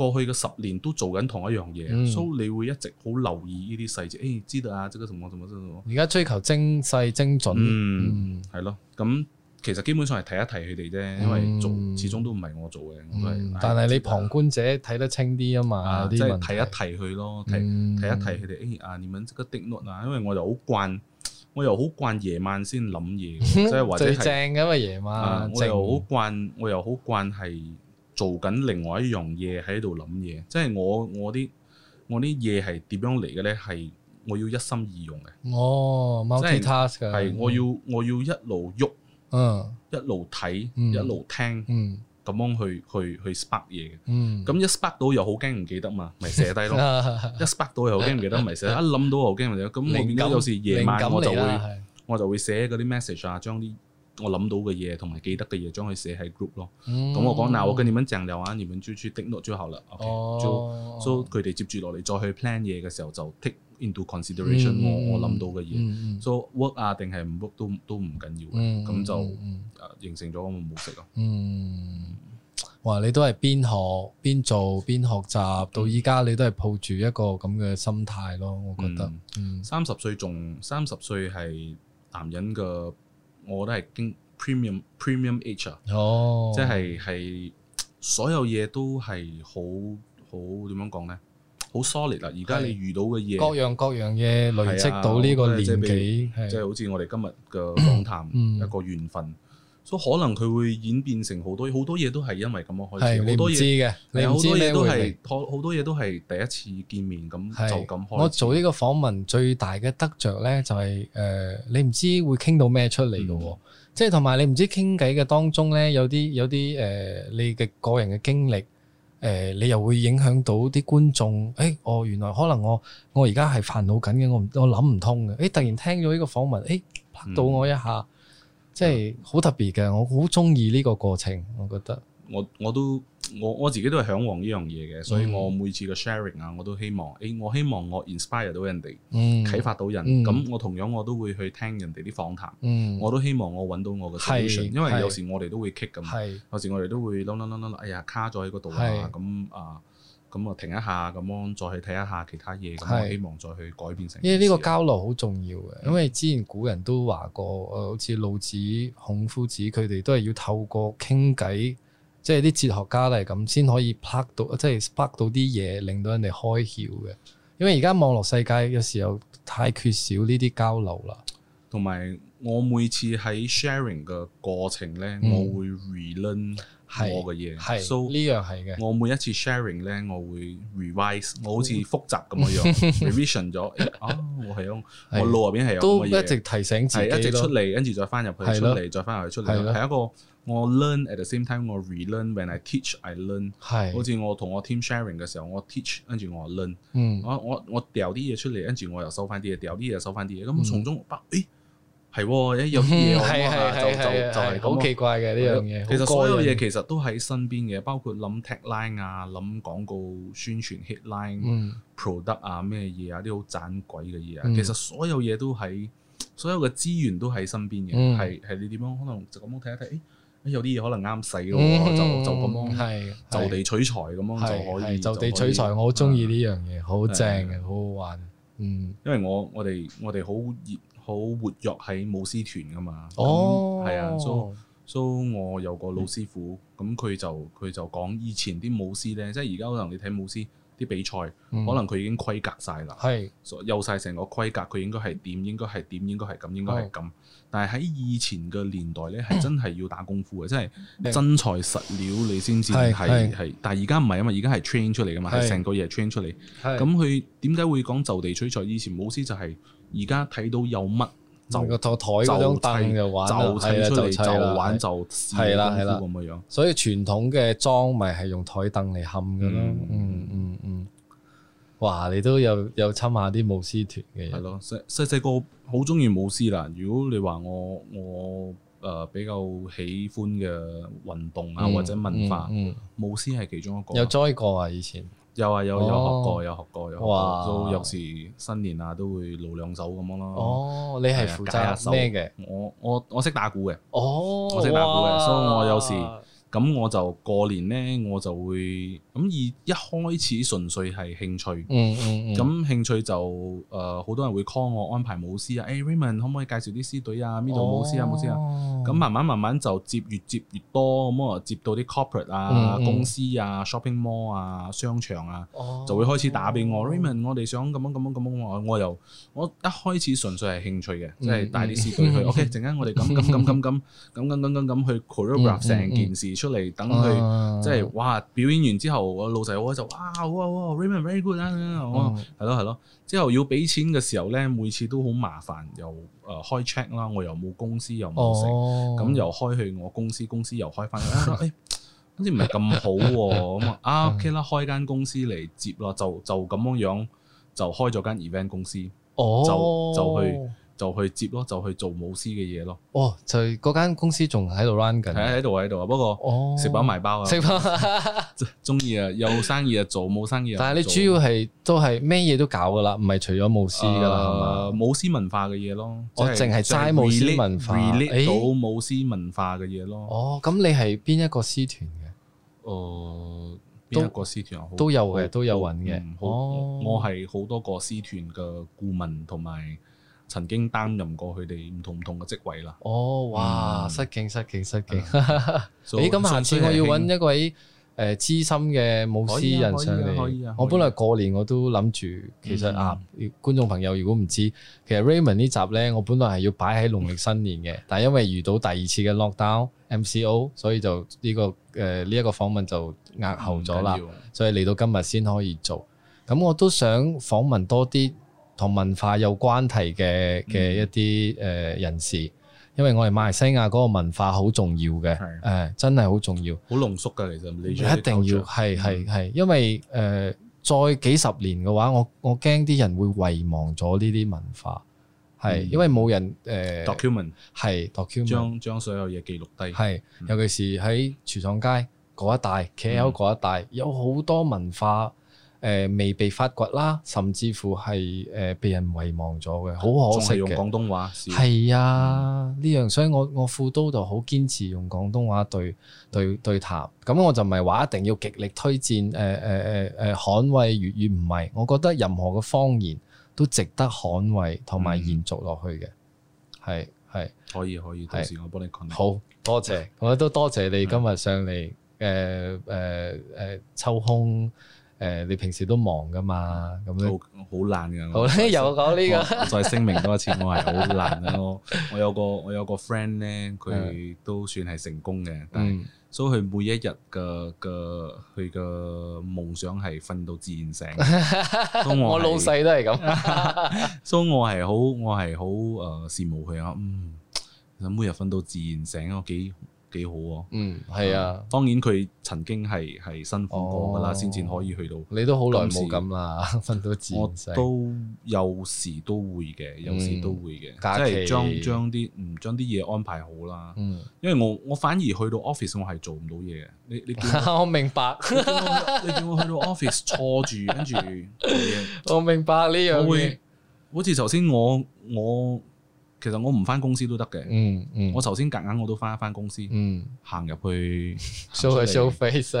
過去嘅十年都做緊同一樣嘢，所以你會一直好留意呢啲細節。誒，知道啊，即係個什麼什麼。而家追求精細、精準。嗯，係咯。咁其實基本上係提一提佢哋啫，因為做始終都唔係我做嘅，我都係。但係你旁觀者睇得清啲啊嘛，即係提一提佢咯，提提一提佢哋。誒啊，你們即係點落啊？因為我又好慣，我又好慣夜晚先諗嘢，即係或者正㗎嘛夜晚。我又好慣，我又好慣係。做緊另外一樣嘢喺度諗嘢，即係我我啲我啲嘢係點樣嚟嘅咧？係我要一心二用嘅。哦，multi task 嘅，係我要我要一路喐，嗯，一路睇，一路聽，嗯，咁樣去去去 spark 嘢，嗯，咁一 spark 到又好驚唔記得嘛，咪寫低咯。一 spark 到又好驚唔記得，咪寫。一諗到又驚唔記得，咁我變咗有時夜晚我就會我就會寫嗰啲 message 啊，將啲。我諗到嘅嘢同埋記得嘅嘢，將佢寫喺 group 咯。咁我講，嗱，我跟你們講嘅啊，你們就去滴落就好啦。就，所以佢哋接住落嚟再去 plan 嘢嘅時候，就 take into consideration 我我諗到嘅嘢。So work 啊，定係唔 work 都都唔緊要嘅。咁就誒形成咗個模式咯。嗯，哇！你都係邊學邊做邊學習，到依家你都係抱住一個咁嘅心態咯。我覺得，三十歲仲三十歲係男人嘅。我都係經 premium premium age、oh。即係係所有嘢都係好好點樣講咧，好 solid 啦、啊。而家你遇到嘅嘢，各樣各樣嘢累積到呢個年紀，即係的好似我哋今日嘅訪談、 嗯、一個緣分。所以可能佢會演變成好多好多嘢都係因為咁樣開始，好多嘢有好多嘢都係好多嘢都係第一次見面咁是就咁。我做呢個訪問最大嘅得着咧、就係，就係誒你唔知會傾到咩出嚟嘅，即係同埋你唔知傾偈嘅當中咧有啲有啲誒、呃、你嘅個人嘅經歷誒、呃，你又會影響到啲觀眾。誒、欸、我原來可能我我而家係煩惱緊嘅，我我諗唔通嘅。誒、欸、突然聽咗呢個訪問，誒、欸、拍到我一下。嗯。即係好特別嘅，我好中意呢個過程。我覺得我我都我我自己都係嚮往呢樣嘢嘅，所以我每次嘅 sharing 啊，我都希望，誒、欸，我希望我 inspire 到人哋，嗯、啟發到人。咁、嗯、我同樣我都會去聽人哋啲訪談，嗯、我都希望我揾到我嘅 solution< 是>因為有時我哋都會 kick 㗎嘛，是有時我哋都會啷啷啷啷，哎呀卡咗喺嗰度啊，咁啊。咁我停一下，咁樣再去睇一下其他嘢，咁是我希望再去改變成。因為呢個交流好重要嘅，因為之前古人都話過，誒好似老子、孔夫子佢哋都係要透過傾偈，即係啲哲學家都係咁，先可以拍到，即係 spark 到啲嘢，令到人哋開竅嘅。因為而家網絡世界有時候太缺少呢啲交流啦。同埋我每次喺 sharing 嘅過程咧，嗯、我會 relearn 係我嘅嘢，所以呢樣係嘅。我每一次 sharing 咧，我會 revise，我好似複雜咁樣樣 revision 咗。我係用，我腦入邊係有嘅嘢。都一直提醒自己，一直出嚟，跟住再翻入去，出嚟，再翻入去，出嚟。係一個我 learn at the same time，我 relearn when I teach I learn。係，好似我同我 team sharing 嘅時候，我 teach 跟住我 learn。嗯，我我我掉啲嘢出嚟，跟住我又收翻啲嘢，掉啲嘢收翻啲嘢。咁從中我拍，係，一有啲嘢咁啊，就就就係好奇怪嘅呢樣嘢，其實所有嘢其實都喺身邊嘅，包括諗 headline、啊、諗廣告宣傳 hitline product 啊咩嘢啊啲好盞鬼嘅嘢，其實所有嘢都喺所有嘅資源都喺身邊嘅，係係你點樣？可能就咁樣睇一睇，誒有啲嘢可能啱使嘅就就咁樣，係就地取材咁樣就可以，就地取材我好中意呢樣嘢，好正嘅，好好玩。嗯，因為我我哋我哋好熱。好活躍喺舞獅團噶嘛？哦，係啊，所以所以我有個老師傅，咁佢就佢就講以前啲舞獅咧，即係而家可能你睇舞獅啲比賽，可能佢已經規格晒啦，係，有晒成個規格，佢應該係點？應該係點？應該係咁？應該係咁？但係喺以前嘅年代咧，係真係要打功夫嘅，即係真材實料，你先至係係。但係而家唔係啊嘛，而家係 train 出嚟噶嘛，係成個嘢 train 出嚟。係咁，佢點解會講就地取材？以前舞獅就係。而家睇到有乜就個台，就張凳就砌，就砌出嚟就玩就啦，功啦，咁樣。所以傳統嘅裝咪係用台凳嚟冚㗎咯。嗯嗯嗯，哇！你都有有參加啲舞獅團嘅人。係咯，細細細個好中意舞獅啦。如果你話我我誒比較喜歡嘅運動啊，或者文化，舞獅係其中一個。有 join 過啊，以前。有啊，有有學過，有學過，有學過，都有，有，哇有時新年啊都會露兩手咁樣咯。哦，你係負責咩嘅？我我我識打鼓嘅。哦，我識打鼓嘅，哇所以我有時。咁我就過年咧，我就會，咁而一開始純粹係興趣，咁興趣就誒好多人會 call 我安排舞獅啊，誒 Raymond 可唔可以介紹啲獅隊啊？呢度舞獅啊舞獅啊？咁慢慢慢慢就接越接越多，咁啊接到啲 corporate 啊公司啊 shopping mall 啊商場啊，就會開始打俾我 Raymond，我哋想咁樣咁樣咁樣我又我一開始純粹係興趣嘅，即係帶啲獅隊去。OK，陣間我哋咁咁咁咁咁咁咁咁咁去 choreograph 成件事。出嚟等佢，即係哇，表演完之後，我老細我就哇，哇，啊，好啊好啊 remember very good 啦！」係咯，係咯。之後要俾錢嘅時候咧，每次都好麻煩，又誒、呃、開 check 啦，我又冇公司又冇食，咁、哦、又開去我公司，公司又開翻，誒好似唔係咁好喎。咁啊， 啊 OK 啦，開間公司嚟接啦，就就咁樣樣就開咗間 event 公司，就就，就，就去。就去接咯，就去做舞師嘅嘢咯。哦，就係嗰間公司仲喺度 run 緊，喺度喺度啊。不過食飽埋包啊，食飽中意啊，有生意就做，冇生意就做，但係你主要係都係咩嘢都搞噶啦，唔係除咗舞師噶啦，係嘛？舞師文化嘅嘢咯，我淨係齋舞師文化，導舞師文化嘅嘢咯。哦，咁你係邊一個師團嘅？哦，邊一個師團？都有嘅，都有揾嘅。哦，我係好多個師團嘅顧問同埋。曾經擔任過佢哋唔同唔同嘅職位啦。哦，哇！失敬失敬失敬。誒，咁下次我要揾一位誒資深嘅舞獅人上嚟。可以啊可以啊可以啊可以啊，我本來過年我都諗住，其實啊，嗯、觀眾朋友如果唔知，其實 Raymond 呢集咧，我本來係要擺喺農曆新年嘅，嗯、但係因為遇到第二次嘅 lockdown MCO，所以就呢、呢個誒呢一個訪問就押後咗啦，嗯啊、所以嚟到今日先可以做。咁我都想訪問多啲。同文化有關係嘅、嘅一啲誒人士，因為我哋馬來西亞嗰個文化好重要嘅，誒真係好重要，好濃縮㗎其實，你一定要係係係，因為誒再幾十年嘅話，我我驚啲人會遺忘咗呢啲文化，係因為冇人誒 document，係 document 將，將所有嘢記錄低，係尤其是喺茨廠街嗰一帶，企喺嗰一帶有好多文化，誒、呃、未被發掘啦，甚至乎係誒被人遺忘咗嘅，好可惜嘅。仲係用廣東話。係啊、嗯，呢樣，所以我我副都就好堅持用廣東話對對對談。咁我就唔係話一定要極力推薦誒誒誒誒捍衞粵語，唔、呃、係、呃。我覺得任何嘅方言都值得捍衞同埋延續落去嘅。係係、嗯。可以可以，的到時我幫你確認。好，多謝。 我都多謝你今日上嚟。誒誒誒，抽、呃呃呃呃、空。嗯誒、呃，你平時都忙噶嘛？咁咧好懶嘅。懶好咧，又講呢個。再聲明多一次， 我係好懶咯。我有個我有個 friend 咧，佢都算係成功嘅，但係、嗯、所以佢每一日嘅嘅佢嘅夢想係瞓到自然醒。我老細都係咁，所以我係好我係好誒羨慕佢啊！嗯，每日瞓到自然醒我幾，幾好、啊、嗯，係啊，當然佢曾經係係辛苦過噶啦，先至、哦、可以去到。你時都好耐冇咁啦，瞓到自然。我都有時都會嘅，有時都會嘅，嗯、即係將將啲唔將啲嘢安排好啦。嗯、因為我我反而去到 office 我係做唔到嘢嘅。你你見我，我明白。你叫我，我去到 office 坐住跟住我明白呢樣嘢會。好似頭先我我。我我其實我唔翻公司都得嘅，我頭先夾硬我都翻一翻公司，行入去 show 下 show face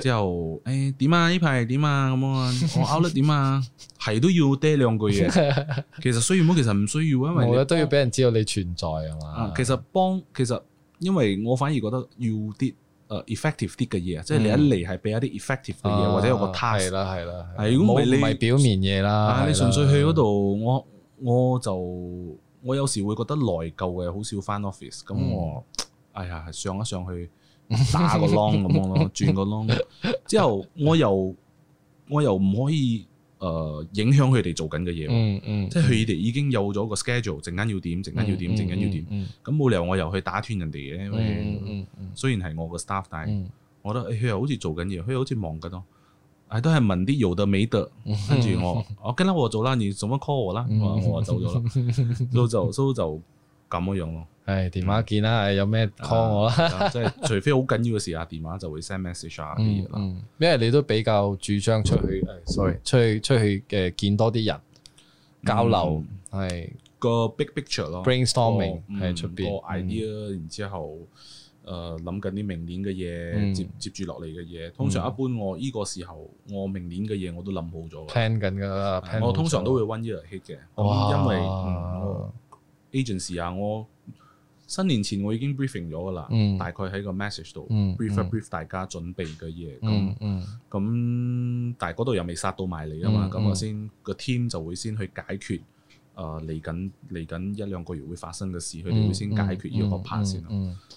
之後誒，點啊呢排，點啊咁樣啊，我 out 得點啊，係都要爹兩句嘢。其實需要冇，其實唔需要啊，因為我覺得都要俾人知道你存在啊嘛。其實幫，其實因為我反而覺得要啲誒 effective 啲嘅嘢，即係你一嚟係俾一啲 effective 嘅嘢，或者有個 task 啦係啦，如果冇唔係表面嘢啦。你純粹去嗰度我。我就我有時會覺得內疚嘅，好少返 office，咁我哎呀上一上去打個 long 咁樣咯， 轉個 long 之後我，我又我又唔可以誒、呃、影響佢哋做緊嘅嘢，嗯嗯，即係佢哋已經有咗個 schedule，陣間要點，陣間要點，陣間要點，咁冇、嗯嗯、理由我又去打斷人哋嘅，因為雖然係我個 staff，但係我覺得佢又好似做緊嘢，佢好似忙緊咯。係都係問啲有得美德。跟住我，我跟啦我做啦，你做乜 call 我啦？我我走咗啦，都就都就咁樣咯。係電話見啦，有咩 call 我啦？即係除非好緊要嘅事啊，電話就會 send message 啊啲嘢啦。因為你都比較主張出去誒，sorry，出去出去嘅見多啲人交流，係個 big picture 咯，brainstorming 喺出邊 idea，然之後。誒諗緊啲明年嘅嘢，接接住落嚟嘅嘢。通常一般我依個時候，我明年嘅嘢我都諗好咗。plan 緊㗎啦，我通常都會 one year ahead 嘅。哇因為 agency 啊，嗯呃、agency，我新年前我已經 briefing 咗㗎啦，嗯、大概喺個 message 度 brief brief 大家準備嘅嘢。咁咁但係嗰度又未殺到埋你啊嘛，咁、嗯嗯、我先、嗰個 team 就會先去解決。誒嚟緊嚟緊一兩個月會發生嘅事，佢哋、嗯、會先解決呢個 part 先啦。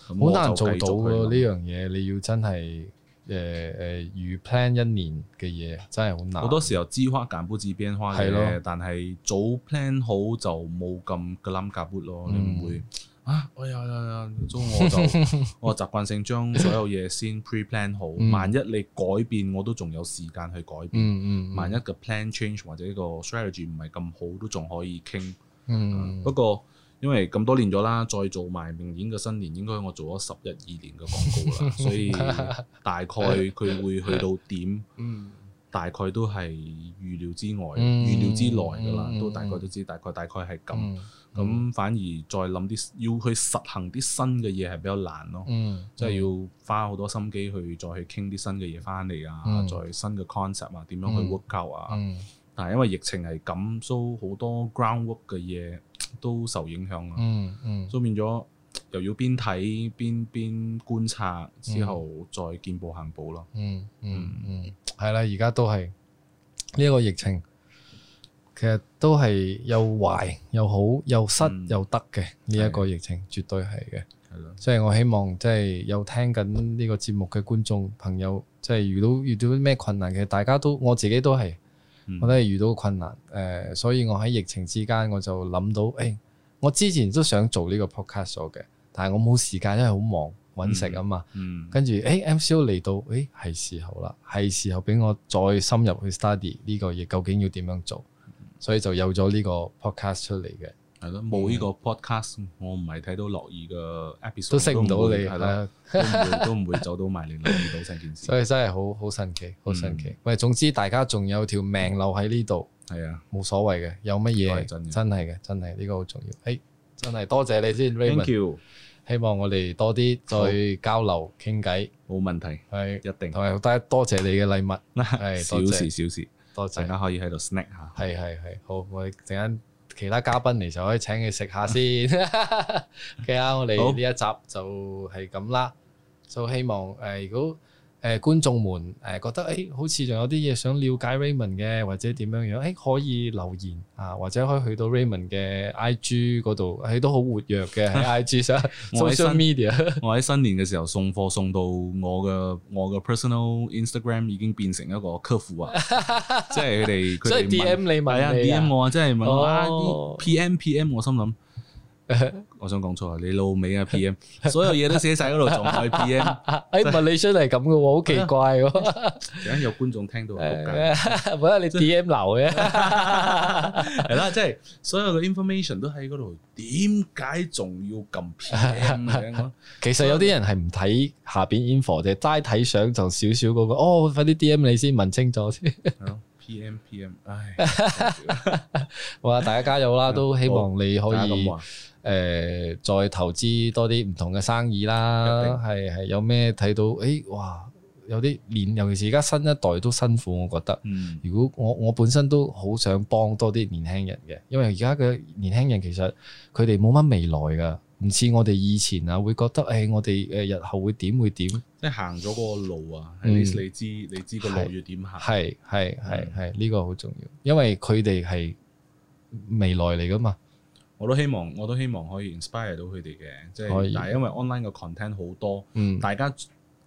好難做到喎，呢樣嘢你要真係誒誒預 plan 一年嘅嘢，真係好難。好多時候知慌揀唔知邊慌嘅，咯但係早 plan 好就冇咁嘅冧架步咯，你唔會。嗯啊！我又又做我我習慣性將所有嘢先 pre plan 好。嗯、萬一你改變，我都仲有時間去改變。嗯嗯、萬一個 plan change 或者個 strategy 唔係咁好，都仲可以傾、嗯啊。不過因為咁多年咗啦，再做埋明年嘅新年，應該我做咗十一二年嘅廣告啦，嗯、所以大概佢會去到點？嗯、大概都係預料之外、嗯、預料之內噶啦，都大概都知，大概大概係咁。嗯嗯咁反而再諗啲要去實行啲新嘅嘢係比較難咯，即係要花好多心機去再去傾啲新嘅嘢翻嚟啊，再新嘅 concept 啊，點樣去 work out 啊，但係因為疫情係咁，so 好多 ground work 嘅嘢都受影響啊，所以變咗又要邊睇邊邊觀察之後再見步行步咯，嗯嗯嗯，係啦，而家都係呢個疫情。其實都係又壞又好又失又得嘅呢一個疫情，的絕對係嘅。係咯的，所以我希望即係有聽緊呢個節目嘅觀眾朋友，即係遇到遇到啲咩困難嘅，其實大家都我自己都係，嗯、我都係遇到困難。誒、呃，所以我喺疫情之間，我就諗到，誒、哎，我之前都想做呢個 podcast 嘅，但係我冇時間，因為好忙揾食啊嘛。嗯嗯、跟住，誒、哎、，MCO 嚟到，誒、哎，係時候啦，係時候俾我再深入去 study 呢個嘢，究竟要點樣做？所以就有咗呢個 podcast 出嚟嘅，係咯，冇呢個 podcast，我唔係睇到樂意嘅 episode 都識唔到你係啦，都唔會走到埋嚟諗到成件事。所以真係好好神奇，好神奇。喂，總之大家仲有條命留喺呢度，係啊，冇所謂嘅，有乜嘢真係嘅，真係呢個好重要。誒，真係多謝你先，Raymond，Thank you，希望我哋多啲再交流傾偈，冇問題，係一定。同大家多謝你嘅禮物，係小事小事。多謝，陣間可以喺度 snack 下。係係係，好，我哋陣間其他嘉賓嚟就可以請你食下先。OK 啊，我哋呢一集就係咁啦。就好、so, 希望誒、呃，如果～誒觀眾們誒覺得誒、欸、好似仲有啲嘢想了解 Raymond 嘅或者點樣樣誒、欸、可以留言啊或者可以去到 Raymond 嘅 IG 嗰度誒都好活躍嘅喺 IG 上 social media。 我喺新, 新年嘅時候送貨送到我嘅我嘅 personal Instagram 已經變成一個客服啊， 即係佢哋即係 DM 你問你啊 DM 我啊，即、就、係、是、問我啲、哦、PM PM 我心諗。我想講錯啊！你老尾啊，P M，所有嘢都寫晒嗰度，仲開 P M，誒，唔係你出嚟咁嘅喎，好奇怪喎！點解有觀眾聽到？冇得你 D M 留嘅，係啦，即係所有嘅 information 都喺嗰度，點解仲要咁偏？其實有啲人係唔睇下邊 info，就齋睇相，就少少嗰個哦，快啲 D M 你先，問清楚先。P M P M，唉，好啊，大家加油啦！都希望你可以。誒、呃，再投資多啲唔同嘅生意啦，係係定有咩睇到？誒，哇，有啲年，尤其是而家新一代都辛苦，我覺得。嗯、如果我我本身都好想幫多啲年輕人嘅，因為而家嘅年輕人其實佢哋冇乜未來噶，唔似我哋以前啊，會覺得誒、哎，我哋日後會點會點？即係行咗個路啊，嗯、你知你知個路要點、嗯、行？係係係係，呢個好重要，因為佢哋係未來嚟噶嘛。我都希望，我都希望可以 inspire 到佢哋嘅，即係，以但係因為 online 嘅 content 好多，嗯、大家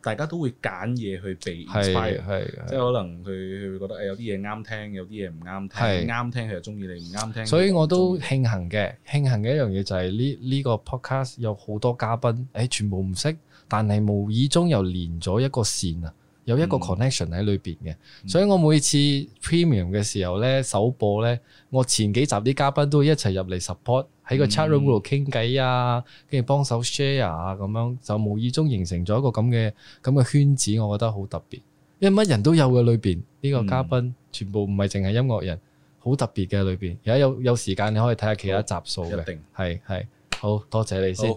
大家都會揀嘢去被 inspire，即係可能佢佢會覺得誒，有啲嘢啱聽，有啲嘢唔啱聽，啱的聽其實中意你，唔啱聽，所以我都慶幸嘅，慶幸嘅一樣嘢就係呢呢個 podcast 有好多嘉賓，誒全部唔識，但係無意中又連咗一個線啊！有一個 connection 喺裏邊嘅，嗯、所以我每次 premium 嘅時候咧，首播咧，我前幾集啲嘉賓都會一齊入嚟 support，喺個 chat room 度傾偈啊，跟住幫手 share 啊，咁樣，就無意中形成咗一個咁嘅咁嘅圈子，我覺得好特別，因為乜人都有嘅裏邊，呢、呢個嘉賓全部唔係淨係音樂人，好、嗯、特別嘅裏邊。而家有有時間你可以睇下其他集數嘅，係係，好多謝你先。